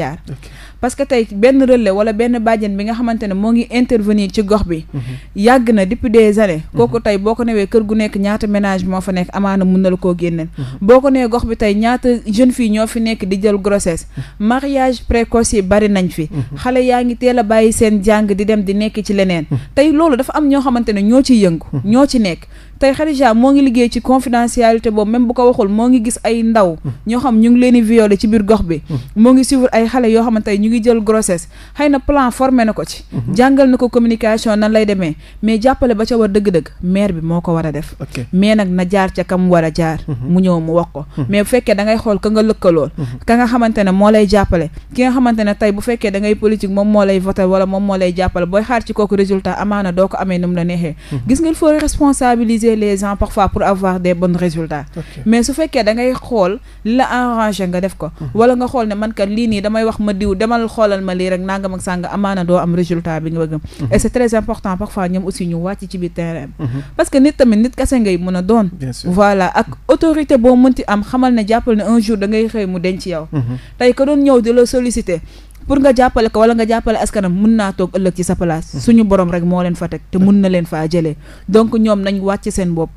parce que tey benn relais wala benn bàjjen bi nga xamante ne moo ngi intervenir ci gox bi mhm. yàgg na depuis des années mhm. kooku tey boo ko newee kër gu nekk ñaata ménage moo fa nekk amaana mun na la koo génneel mhm. boo ko newee gox bi tey ñaata jeune fii ñoo fi nekk di jël grossesse mariage précoce yi bari nañ fi xale yaa ngi teel a bàyyi seen jàng di dem di nekk ci leneen tey loolu dafa am ñoo xamante ne ñoo ciy yëngu ñoo ci nekk tey Khadija moo ngi liggéey ci confidentialité boobu même bu ko waxul moo ngi gis ay ndaw ñoo xam ñu ngi leen di ci biir gox bi moo ngi suivre ay xale yoo xamante ne ñu ngi jël grossesse xëy na plan formé na ko ci mhm. jàngal na nan lay demee mais jàppale ba ca war dëgg-dëgg maire bi moo ko war a def mais nag na jaar ca war a jaar mhm. mu ñëw mu wax ko mhm. mais bu da ngay xool ka nga lëkkalool ka nga xamante ne moo lay jàppale ki nga xamante ne tey bu fekkee da ngay politique moom moo lay voter wala moom moo lay jàppale booy xaar ci kooku résultat amaana doo ko amee nu mu la neexee gis ngeen faut responsabiliser pousser les gens parfois pour avoir des bons résultats okay. mais su fekkee da xool li la arrangé nga def ko mhm. wala nga xool ne man kat lii nii damay wax ma diw demal xoolal ma lii rek nangam ak sàng amaana doo am résultat bi nga bëgg mhm. et c'est très important parfois ñoom aussi ñu wàcc ci biir terrain mhm. parce que nit tamit nit kese ngay mën a doon voilà ak autorité boo mënti am xamal ne jàppal ne un jour da ngay xëy mu denc yow tey ko doon ñëw di la pour nga jàppale ko wala nga jàppale askanam mun naa toog ëllëg ci sa place. Hmm. suñu borom rek moo leen fa teg te hmm. mun na leen faa jëlee donc ñoom nañ wàcc seen bopp.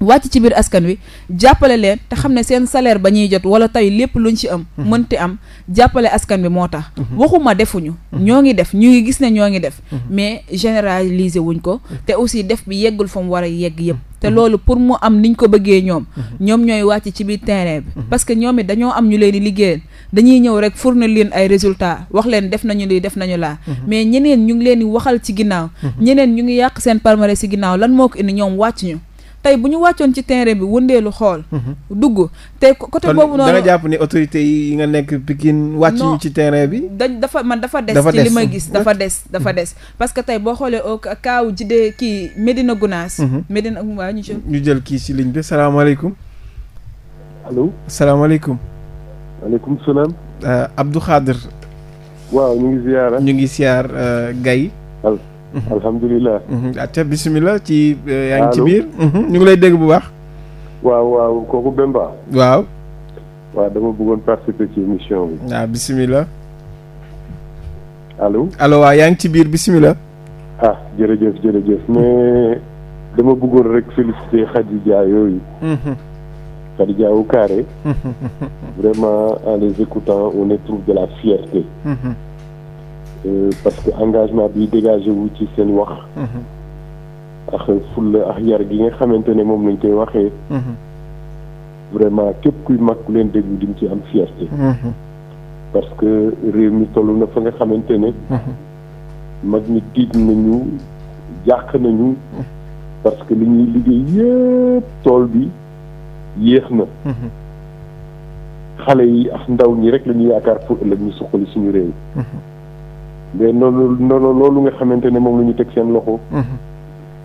wàcc ci biir askan wi jàppale leen te xam ne seen salaire ba ñuy jot wala tey lépp luñ ci am mhm. mënti am jàppale askan bi moo tax mhm. waxuma defuñu mhm. ñoo ngi def ñu gis ne ñoo ngi def mais généraliser wuñ ko te aussi def bi yeggul fa mu war a yegg yëpp te loolu pour mu am niñ ko bëggee ñoom ñoom ñooy wàcc ci biir terrain bi parce que ñoom it dañoo am ñu leen di liggéeyal dañuy ñëw rek fournir leen ay résultat wax leen def nañu lii def nañu laa mais ñeneen ñu ngi leen di waxal ci ginnaaw ñeneen ñu ngi yàq seen palmarès ci ginnaaw lan moo ko indi ñoom wàcc ñu tey bu ñu wàccoon ci terrain bi lu xool. Mhm. dugg tey côté boobu noonu. da nga jàpp ni autorité yi nga nekk Pikine wàcc ñu ci terrain bi. dañ dafa man dafa des. ci li ma gis dafa des dafa mhm. des. parce que tey boo xoolee au kaaw jidee kii Medina Gunaas. Mhm. Medina waaw ñu jël. ñu jël kii si ligne bi salaamaaleykum. allo salaamaaleykum. maaleykum salaam. Euh, Abdou waaw ñu ngi ziar. ñu ngi ziar euh, Gaye. Mhm. alhamdulilah. Mhm. ate ah, bisimilah ci. Eh, yaa ngi ci biir. Mhm. ñu ngi lay dégg bu baax. waaw waaw kooku Bemba. waaw. waaw dama bëggoon participer ci émission bi. waaw ah, bisimilah. allo allo waaw yaa ngi ci biir bisimilah. ah jërëjëf jërëjëf mais dama bëggoon rek féliciter Khadija yooyu. Khadija au vraiment en les écoutant on éprouve de la fierté. Euh, parce que engagement bi dégagé wu ci seen wax. Mhm. ak fulla ak yar gi nga xamante ne moom lañ koy waxee. Mhm. vraiment képp kuy mag ku leen déglu di ci am fierté. Mhm. parce que réew mi toll na fa nga xamante ne. mag ñi tiit nañu jàq nañu. parce que li ñuy liggéey yëpp tool bi yéex na. xale yi ak ndaw ñi rek lañuy yaakaar pour ëllëg ñu suqali suñu réew. mais noonu noonu loolu nga xamante ne moom la ñu teg seen loxo. Mm-hmm.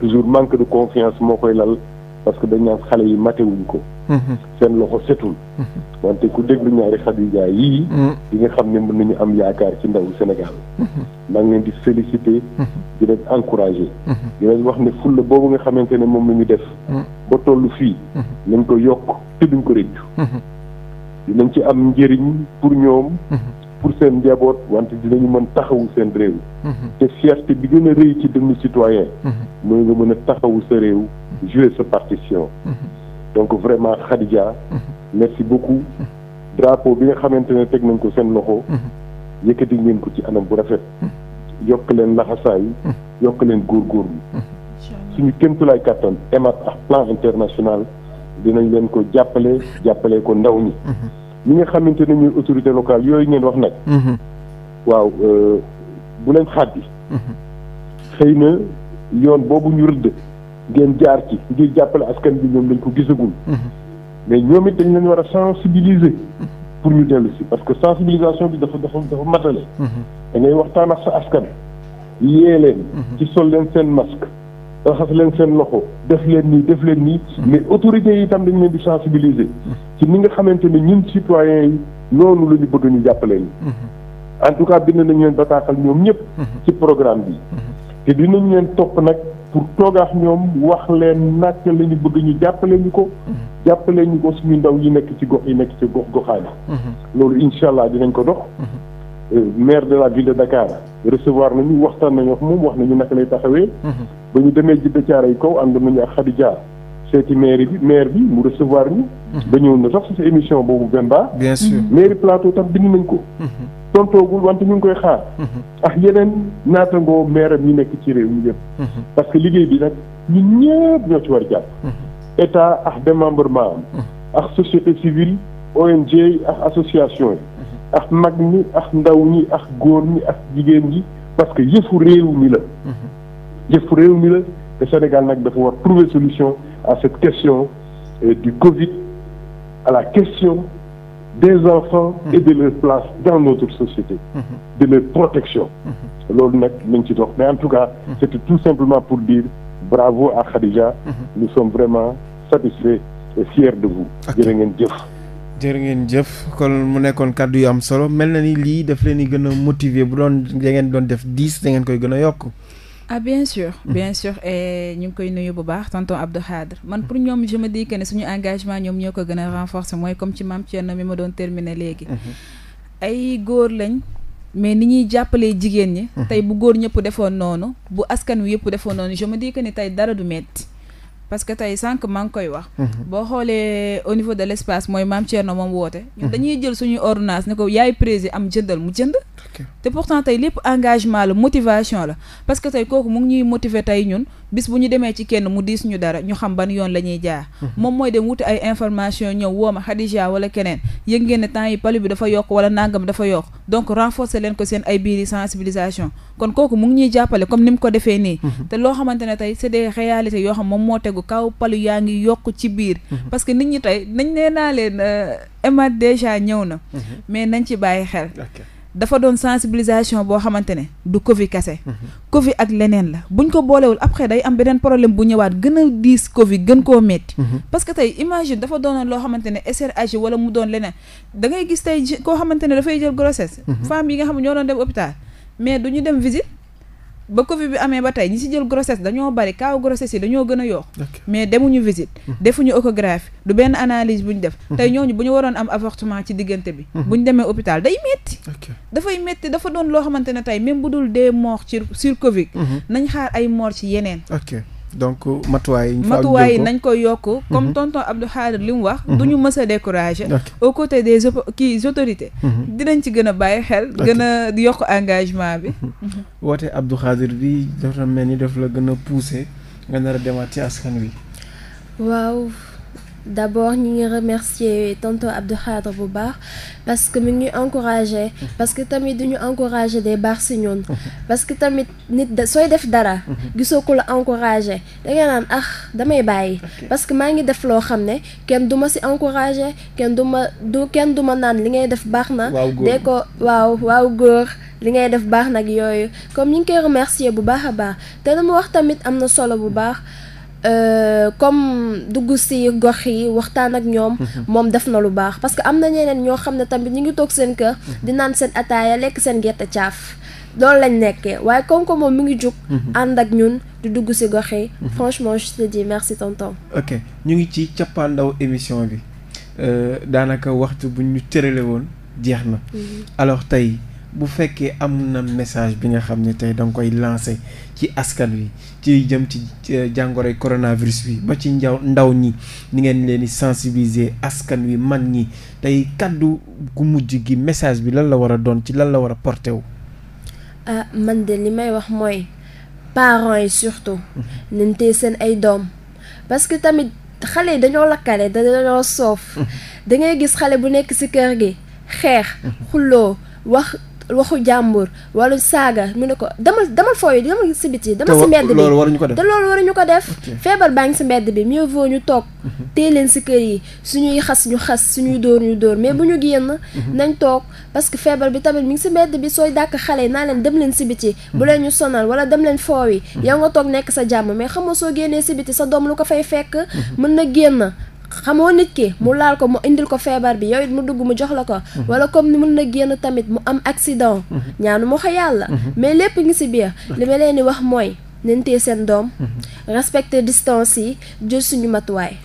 toujours manque de confiance moo koy lal parce que dañ naan xale yi matewuñ ko. Mm-hmm. seen loxo setul. Mm-hmm. wante ku déglu ñaari Khadija yii. di nga xam ne na ñu am yaakaar ci ndaw Sénégal. maa ngi leen di féliciter. di leen encourager. di leen wax ne fulla boobu nga xamante ne moom la ñu def. ba tollu fii. nañ ko yokk te duñ ko rëccu. dinañ ci am njëriñ pour ñoom. pour seen njaboot wante dinañu mën taxawu seen réew. Mhm. te fierté bi gën a rëy ci dënnu citoyen. Mhm. mooy nga mën a taxawu sa réew. Mhm. jouer sa partition. donc vraiment Khadija. merci beaucoup. drapeau bi nga xamante ne teg nañ ko seen loxo. yëkkati ngeen ko ci anam bu rafet. yokk leen laxasaayu. yokk leen góorgóorlu. suñu kéemtulaay kàttan EMAD ak plan international dinañ leen ko jàppale jàppale ko ndaw ñi. ñi nga xamante ne ñuy autorité locale yooyu ngeen wax nag. Mhm. waaw euh, bu leen xàddi. Mhm. xëy na yoon boobu ñu rëdd ngeen jaar ci ngir jàppale askan bi ñoom dañ ko gisagul. Mhm. mais ñoom it dañ leen war a sensibiliser. pour ñu dellu si parce que sensibilisation bi dafa dafa dafa matale. da ngay waxtaan ak sa askan. yee leen. ci sol leen seen masque. raxas leen seen loxo def leen nii def leen nii. Mm-hmm. mais autorités yi itam dañu leen di sensibiliser. ci ni nga xamante ne ñun citoyens yi noonu la ñu bëgg ñu jàppale ñu. Mm-hmm. en tout cas bind nañu leen bataaxal ñoom ñëpp. Mm-hmm. ci programme bi. te dinañ leen topp nag pour toogaax ñoom wax leen naka la ñu bëgg ñu jàppale ñu ko. jàppale ñu ko suñu ndaw yi nekk ci gox yi nekk ci gox goxaan yi. loolu incha allah dinañ ko dox. Euh, maire de la ville de Dakar recevoir nañu waxtaan nañu ak moom wax nañu naka lay taxawee. Mhm. ba ñu demee Jidda Caara yi kaw ànd nañu ak Khadija seeti maire bi maire bi mu recevoir bi mhm. ba ñëw na sax si sa émission boobu Bemba. bien sûr mhm. maire plateau tam bind nañ ko. tontoogul wante ñu ngi koy xaar. ak yeneen naatangoo maire yi nekk ci réew mi yëpp. parce que liggéey bi nag ñun ñëpp ñoo ci war jàpp. état ak démembrement am. ak société civile ONG ak association ak mag ñi ak ndaw ñi ak góor ñi ak jigéen ñi parce que yëfu réew mi la. Mhm. yëfu réew mi la te Sénégal nag dafa war trouver solution à cette question euh, du Covid à la question des enfants. Mhm. et de leur place dans notre société. Mhm. de leur protection. loolu nag nañ ci dox mais en tout cas. c'était tout simplement pour dire bravo à Khadija. nous sommes vraiment satisfaits et fiers de vous. jërë ngeen jëf. jërë ngeen jëf kon mu nekkoon kàddu yu am solo mel na ni lii daf leen di gën a motiver bu doon da doon def dix da koy gën a yokk. ah bien sûr hmm. bien sûr ñu ngi koy nuyu bu baax tonton Abdou Khadre man pour ñoom je ne suñu engagement ñoom ñoo ko gën a renforcer mooy comme ci maam Thierno mi ma doon terminer léegi. Hmm. ay góor lañ. mais ni ñuy jàppalee jigéen ñi. Hmm. tey bu góor ñëpp defoon noonu. bu askan wi yëpp defoon noonu je me tey dara du metti parce que tey sànq maa ngi koy wax. Mhm. boo xoolee au niveau de l' espace mooy maam na moom woote. ñun dañuy jël suñuy ordonnance ne ko yaay président am jëndal mu jënd. te pourtant tey lépp engagement la motivation la parce que tey kooku mu ngi ñuy motiver tey ñun. bis bu ñu demee ci kenn mu diis ñu dara ñu xam ban yoon la ñuy jaar mhm. moom mooy dem wuti ay information ñëw woo wooma Khadija wala keneen yëg ngeen ne temps yi palu bi dafa yokk wala nangam dafa yokk donc renforcer leen ko seen ay biiri sensibilisation kon kooku mu ngi ñuy jàppale comme ni mu ko defee nii mhm. te loo xamante ne tey c'est des réalités yoo xam moom moo tegu kaw palu yaa ngi yokk ci biir mhm. parce que nit ñi tey nañ nee naa leen euh, emat déjà ñëw na mais nañ ci bàyyi xel dafa doon sensibilisation boo xamante ne du Covid kase. Covid ak leneen la buñ ko boolewul après day am beneen problème bu ñëwaat gën a diis Covid gën koo métti. Mhm. parce que tey imagine dafa doonoon loo xamante ne SRH wala mu doon leneen da ngay gis tey koo xamante ne dafay jël grossesse. Mhm. femme yi nga xam ne ñoo doon dem hôpital mais du ñu dem visite. ba Covid bi amee ba tey ñi si jël grossesse dañoo bari kaaw grossesse yi dañoo gën a yoox mais demuñu visite. Mm-hmm. defuñu échographie du benn analyse bu ñu def. Mm-hmm. tey ñooñu bu ñu waroon am avortement ci diggante bi. Mm-hmm. bu ñu demee hôpital day metti dafay metti dafa doon loo xamante ne tey même bu dul dee mort ci sur Covid. nañ xaar ay mort ci yeneen. donc matuwaay yi matuwaay yi nañ ko yokk comme mhm. tonton Abdou Khadir li mu wax mhm. du ñu mës a décourager au côté des kii autorités mhm. dinañ ci gën a bàyyi xel gën a yokk engagement bi woote Abdou Khadir bi dafa mel ni daf la gën a poussé nga nar a demaat ci wi waaw d'abord ñu ngi remercier tonton Abdou Khadre bu baax parce que mi ngi encouragé parce que tamit du ñu encouragé day baax si ñun parce que tamit nit sooy def dara gisoo ko la encouragé danga naan ah damay bàyyi parce que maa ngi def loo xam ne kenn du ma si encouragé kenn du ma du kenn du ma naan li ngay def baax na dee ko waaw waaw góor li ngay def baax nag yooyu comme ñu ngi koy remercier bu baax a baax te dama wax tamit am na solo bu baax Euh, comme dugg si gox yi waxtaan ak ñoom. Mhm. moom def na lu baax parce que am na ñeneen ñoo xam ne tamit ñu ngi toog seen kër. Mhm. di naan seen ataaya lekk seen gerte caaf. loolu lañ nekkee waaye comme que moom mu ngi jug. Mhm. ànd ak ñun di dugg si gox yi. franchement je te merci tonton. ok ñu ngi ci cappaandaw émission bi euh, daanaka waxtu bu ñu tërale woon jeex na. alors tey. bu fekkee am na message bi nga xam ne tey danga koy lancé ci askan wi ci jëm ci euh, jàngoroy coronavirus bi ba ci njaw ndaw ñi ni ngeen leen di sensibiliser askan wi man ñi tey kàddu gu mujj gi message bi lan la war a doon ci lan la war a porté wu. ah man de li may wax mooy parents yi surtout. Mhm. nañ tey seen ay doom parce que tamit xale yi dañoo lakkale dañoo soof. Mhm. da ngay gis xale bu nekk ci kër gi xeex. Mhm. xulloo wax. waxu jàmbur wala saaga mu ne ko demal demal fooyu demal si biti demal si mbedd bi loolu waruñu ko def te waruñu ko def feebar baa ngi si mbedd bi mieux ñu toog mhm. tee leen si kër yi suñuy xas ñu xas suñuy dóor ñu dóor mais bu ñu génn mhm. nañ toog parce que feebar bi tamit mi ngi si mbedd bi sooy dàkk xale yi naa leen dem leen si biti bu mhm. leen ñu sonal wala dem leen yi yow nga toog nekk sa jàmm mais xam nga soo génnee si biti sa doom lu ko fay fekk mën na génn xamoo nit ki mu laal ko mu indil ko feebar bi yow it mu dugg mu jox la ko mhm. wala comme ni mun na génn tamit mu am accident mhm. ñaanu ma ko yàlla mais lépp ngi si biir li ma leen di wax mooy nañ seen doom mhm. respecter distance yi jël suñu matuwaay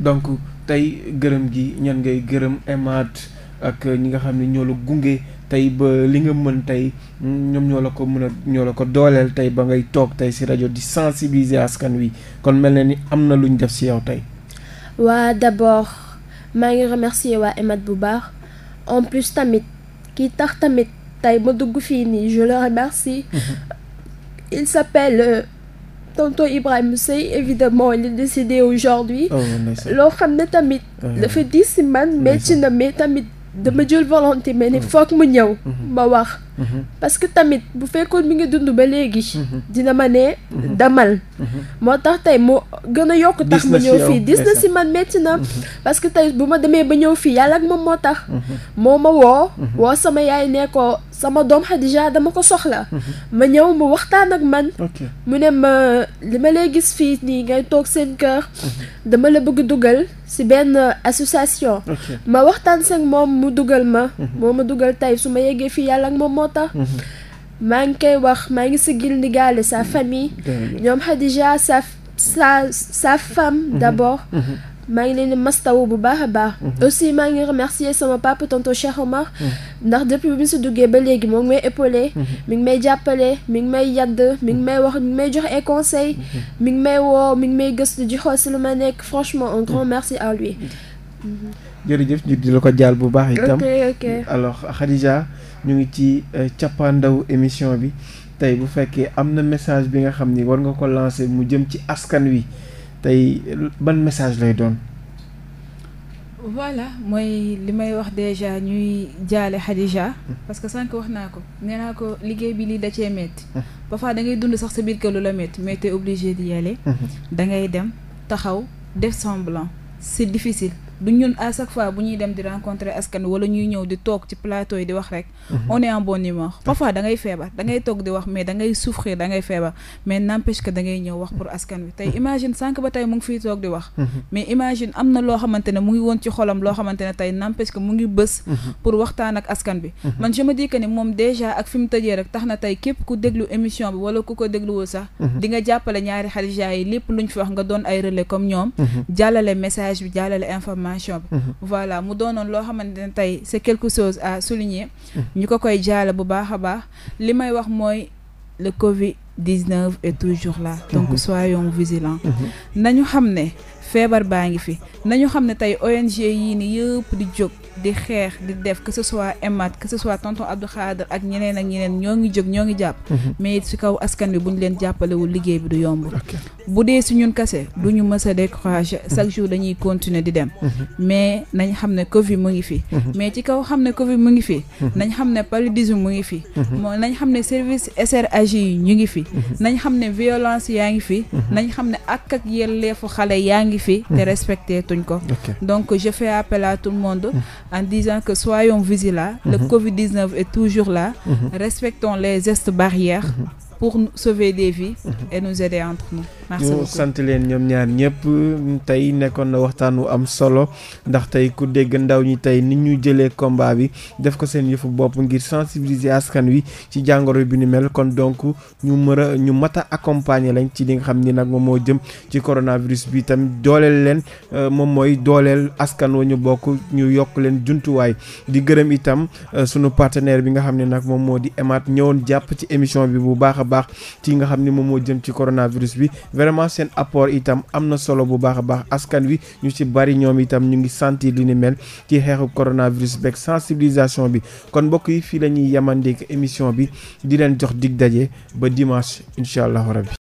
donc tey gërëm gi ñan ngay gërëm emaat ak ñi nga xam ne ñoo la gunge tey ba li nga mën tey ñoom ñoo la ko mën a la ko dooleel tey ba ngay toog tey si rajo di sensibiliser askan wi kon mel na ni am na lu ñu def si yow tey waa d'abord maa ngi remercier waa EMAD bu baax en plus tamit kii tax tamit tey ma dugg fii nii je le remercie mm-hmm. il s'appelle euh, tonton Ibrahima Seye évidemment il est décédé aujourd'hui oh, loo xam ne tamit oh, dafa diis si man metti na mais tamit dama jël volonté mais ne mm-hmm. foog mu ñëw ma mm-hmm. wax mm-hmm. parce que tamit bu fekkoon mi ngi dund ba léegi dina ma ne damal moo tax tey moo gën a yokk tax ma ñëw fii dis na si man métti na parce que tey bu ma demee ba ñëw fii yàlla ak moom moo tax moo ma woo woo sama yaay ne ko sama doom Xadija dama ko soxla mhm. ma ñëw ma waxtaan ak man mu ne ma li ma lay gis fii nii ngay toog seen kër mhm. dama la bëgg dugal si benn euh, association ma waxtaan seen moom mu dugal ma mhm. moo ma dugal tey su ma yeggee fii yàlla ak moom moo tax maa ngi koy wax maa ngi sigil ndigaale sa famille ñoom Xadija sa sa sa femme d'abord mm maa ngi leen di mastawu bu baax a baax. Mhm. aussi maa ngi remercier sama papa tonton Cheikh Omar. Mhm. ndax depuis bi mu si duggee ba léegi moo ngi may épaulé. Mhm. mi ngi may jàppale mi ngi may yàdd mi ngi may wax mi ngi may jox ay conseils. mi ngi may woo mi ngi gëstu di xool si lu ma nekk franchement un grand merci à lui. jërëjëf ñu di la ko jaal bu baax itam alors Khadija ñu ngi ci euh, cappaandaw émission bi tey bu fekkee am na message bi nga xam ni war nga ko lancer mu jëm ci askan wi. tey ban message lay doon. voilà mooy li may wax déjà ñuy jaale xadijà parce que sànq wax naa ko nee naa ko liggéey bi lii da cee métti. parfois da ngay dund sax sa biir kër lu la métti mais t'es obligé d'y aller. Mhm. dem taxaw def semblant c'est difficile. du ñun à chaque fois bu ñuy dem di rencontrer askan wala ñuy ñëw di toog ci plateau yi di wax rek. Mhm. on est en bonne ah. da ngay feebar da ngay toog di wax mais da ngay souffrir da ngay feebar mais n'empêche que da ngay ñëw wax pour askan wi tey mhm. imagine sànq ba tey mu ngi fiy toog di wax. Mhm. mais imagine am na loo xamante ne mu ngi woon ci xolam loo xamante ne tey n'empêche que mu ngi bës. pour waxtaan ak askan bi. man je me dis que ni moom déjà ak fi mu tëjee rek tax na tey képp ku déglu émission bi wala ku ko dégluwul sax. di nga jàppale ñaari Khadija yi lépp luñ fi wax nga doon ay comme ñoom. jàllale message bi jàllale information bi mhm. voilà mu doonoon loo xamante ne tey c'est quelque chose à souligner mhm. ñu ko koy jaale bu baax a baax li may wax mooy le Covid 19 est toujours là mhm. donc soyons vigilants nañu xam ne feebar baa ngi fi nañu xam ne tey ONG yii ni yëpp di jóg di xeex di def que ce soit Emad que ce soit tonton Abdou Khader ak ñeneen ak ñeneen ñoo ngi jóg ñoo ngi jàpp mhm. mais si kaw askan bi bu ñu leen jàppalewul liggéey bi du yomb bu dee si ñun kase du ñu mës a découragé mhm. chaque jour dañuy continuer di dem mhm. mais nañ xam ne Covid mu ngi fi mais ci kaw xam ne Covid mu ngi fi nañ xam ne paludisme mu ngi fi moo nañ xam ne service SRAG yi ñu ngi fi nañ xam ne violence yaa ngi fi nañ xam ne ak ak yelleefu xale yaa ngi ngi fi. te mhm. respecté tuñ ko. donc je fais appel à tout le monde. Mhm. en disant que soyons vigilants. le mhm. Covid 19 est toujours là. respectons les gestes barrières. pour sauver des vies et nous leen ñoom ñaar ñëpp tey nekkoon na waxtaan wu am solo ndax tey ku dégg ndaw ñi tey ni ñu jëlee combat bi def ko seen yëfu bopp ngir sensibiliser askan wi ci jàngoro bi ni mel kon donc ñu mën a ñu mat a accompagner lañ ci li nga xam ni nag moom moo jëm ci coronavirus bi itam dooleel leen euh, moom mooy dooleel askan wa ñu bokk ñu yokk leen jumtuwaay di gërëm itam euh, sunu partenaire bi nga xam ne nag moom moo di EMAD ñëwoon jàpp ci émission bi baax baax ci nga xam ni moom moo jëm ci coronavirus bi vraiment seen apport itam am na solo bu baax a baax askan wi ñu ci bari ñoom itam ñu ngi sentir li ni mel ci xeexu coronavirus beeg sensibilisation bi kon mbokk yi fii la ñuy yamandeek émission bi di leen jox dig daje ba dimanche incha allahu rabbi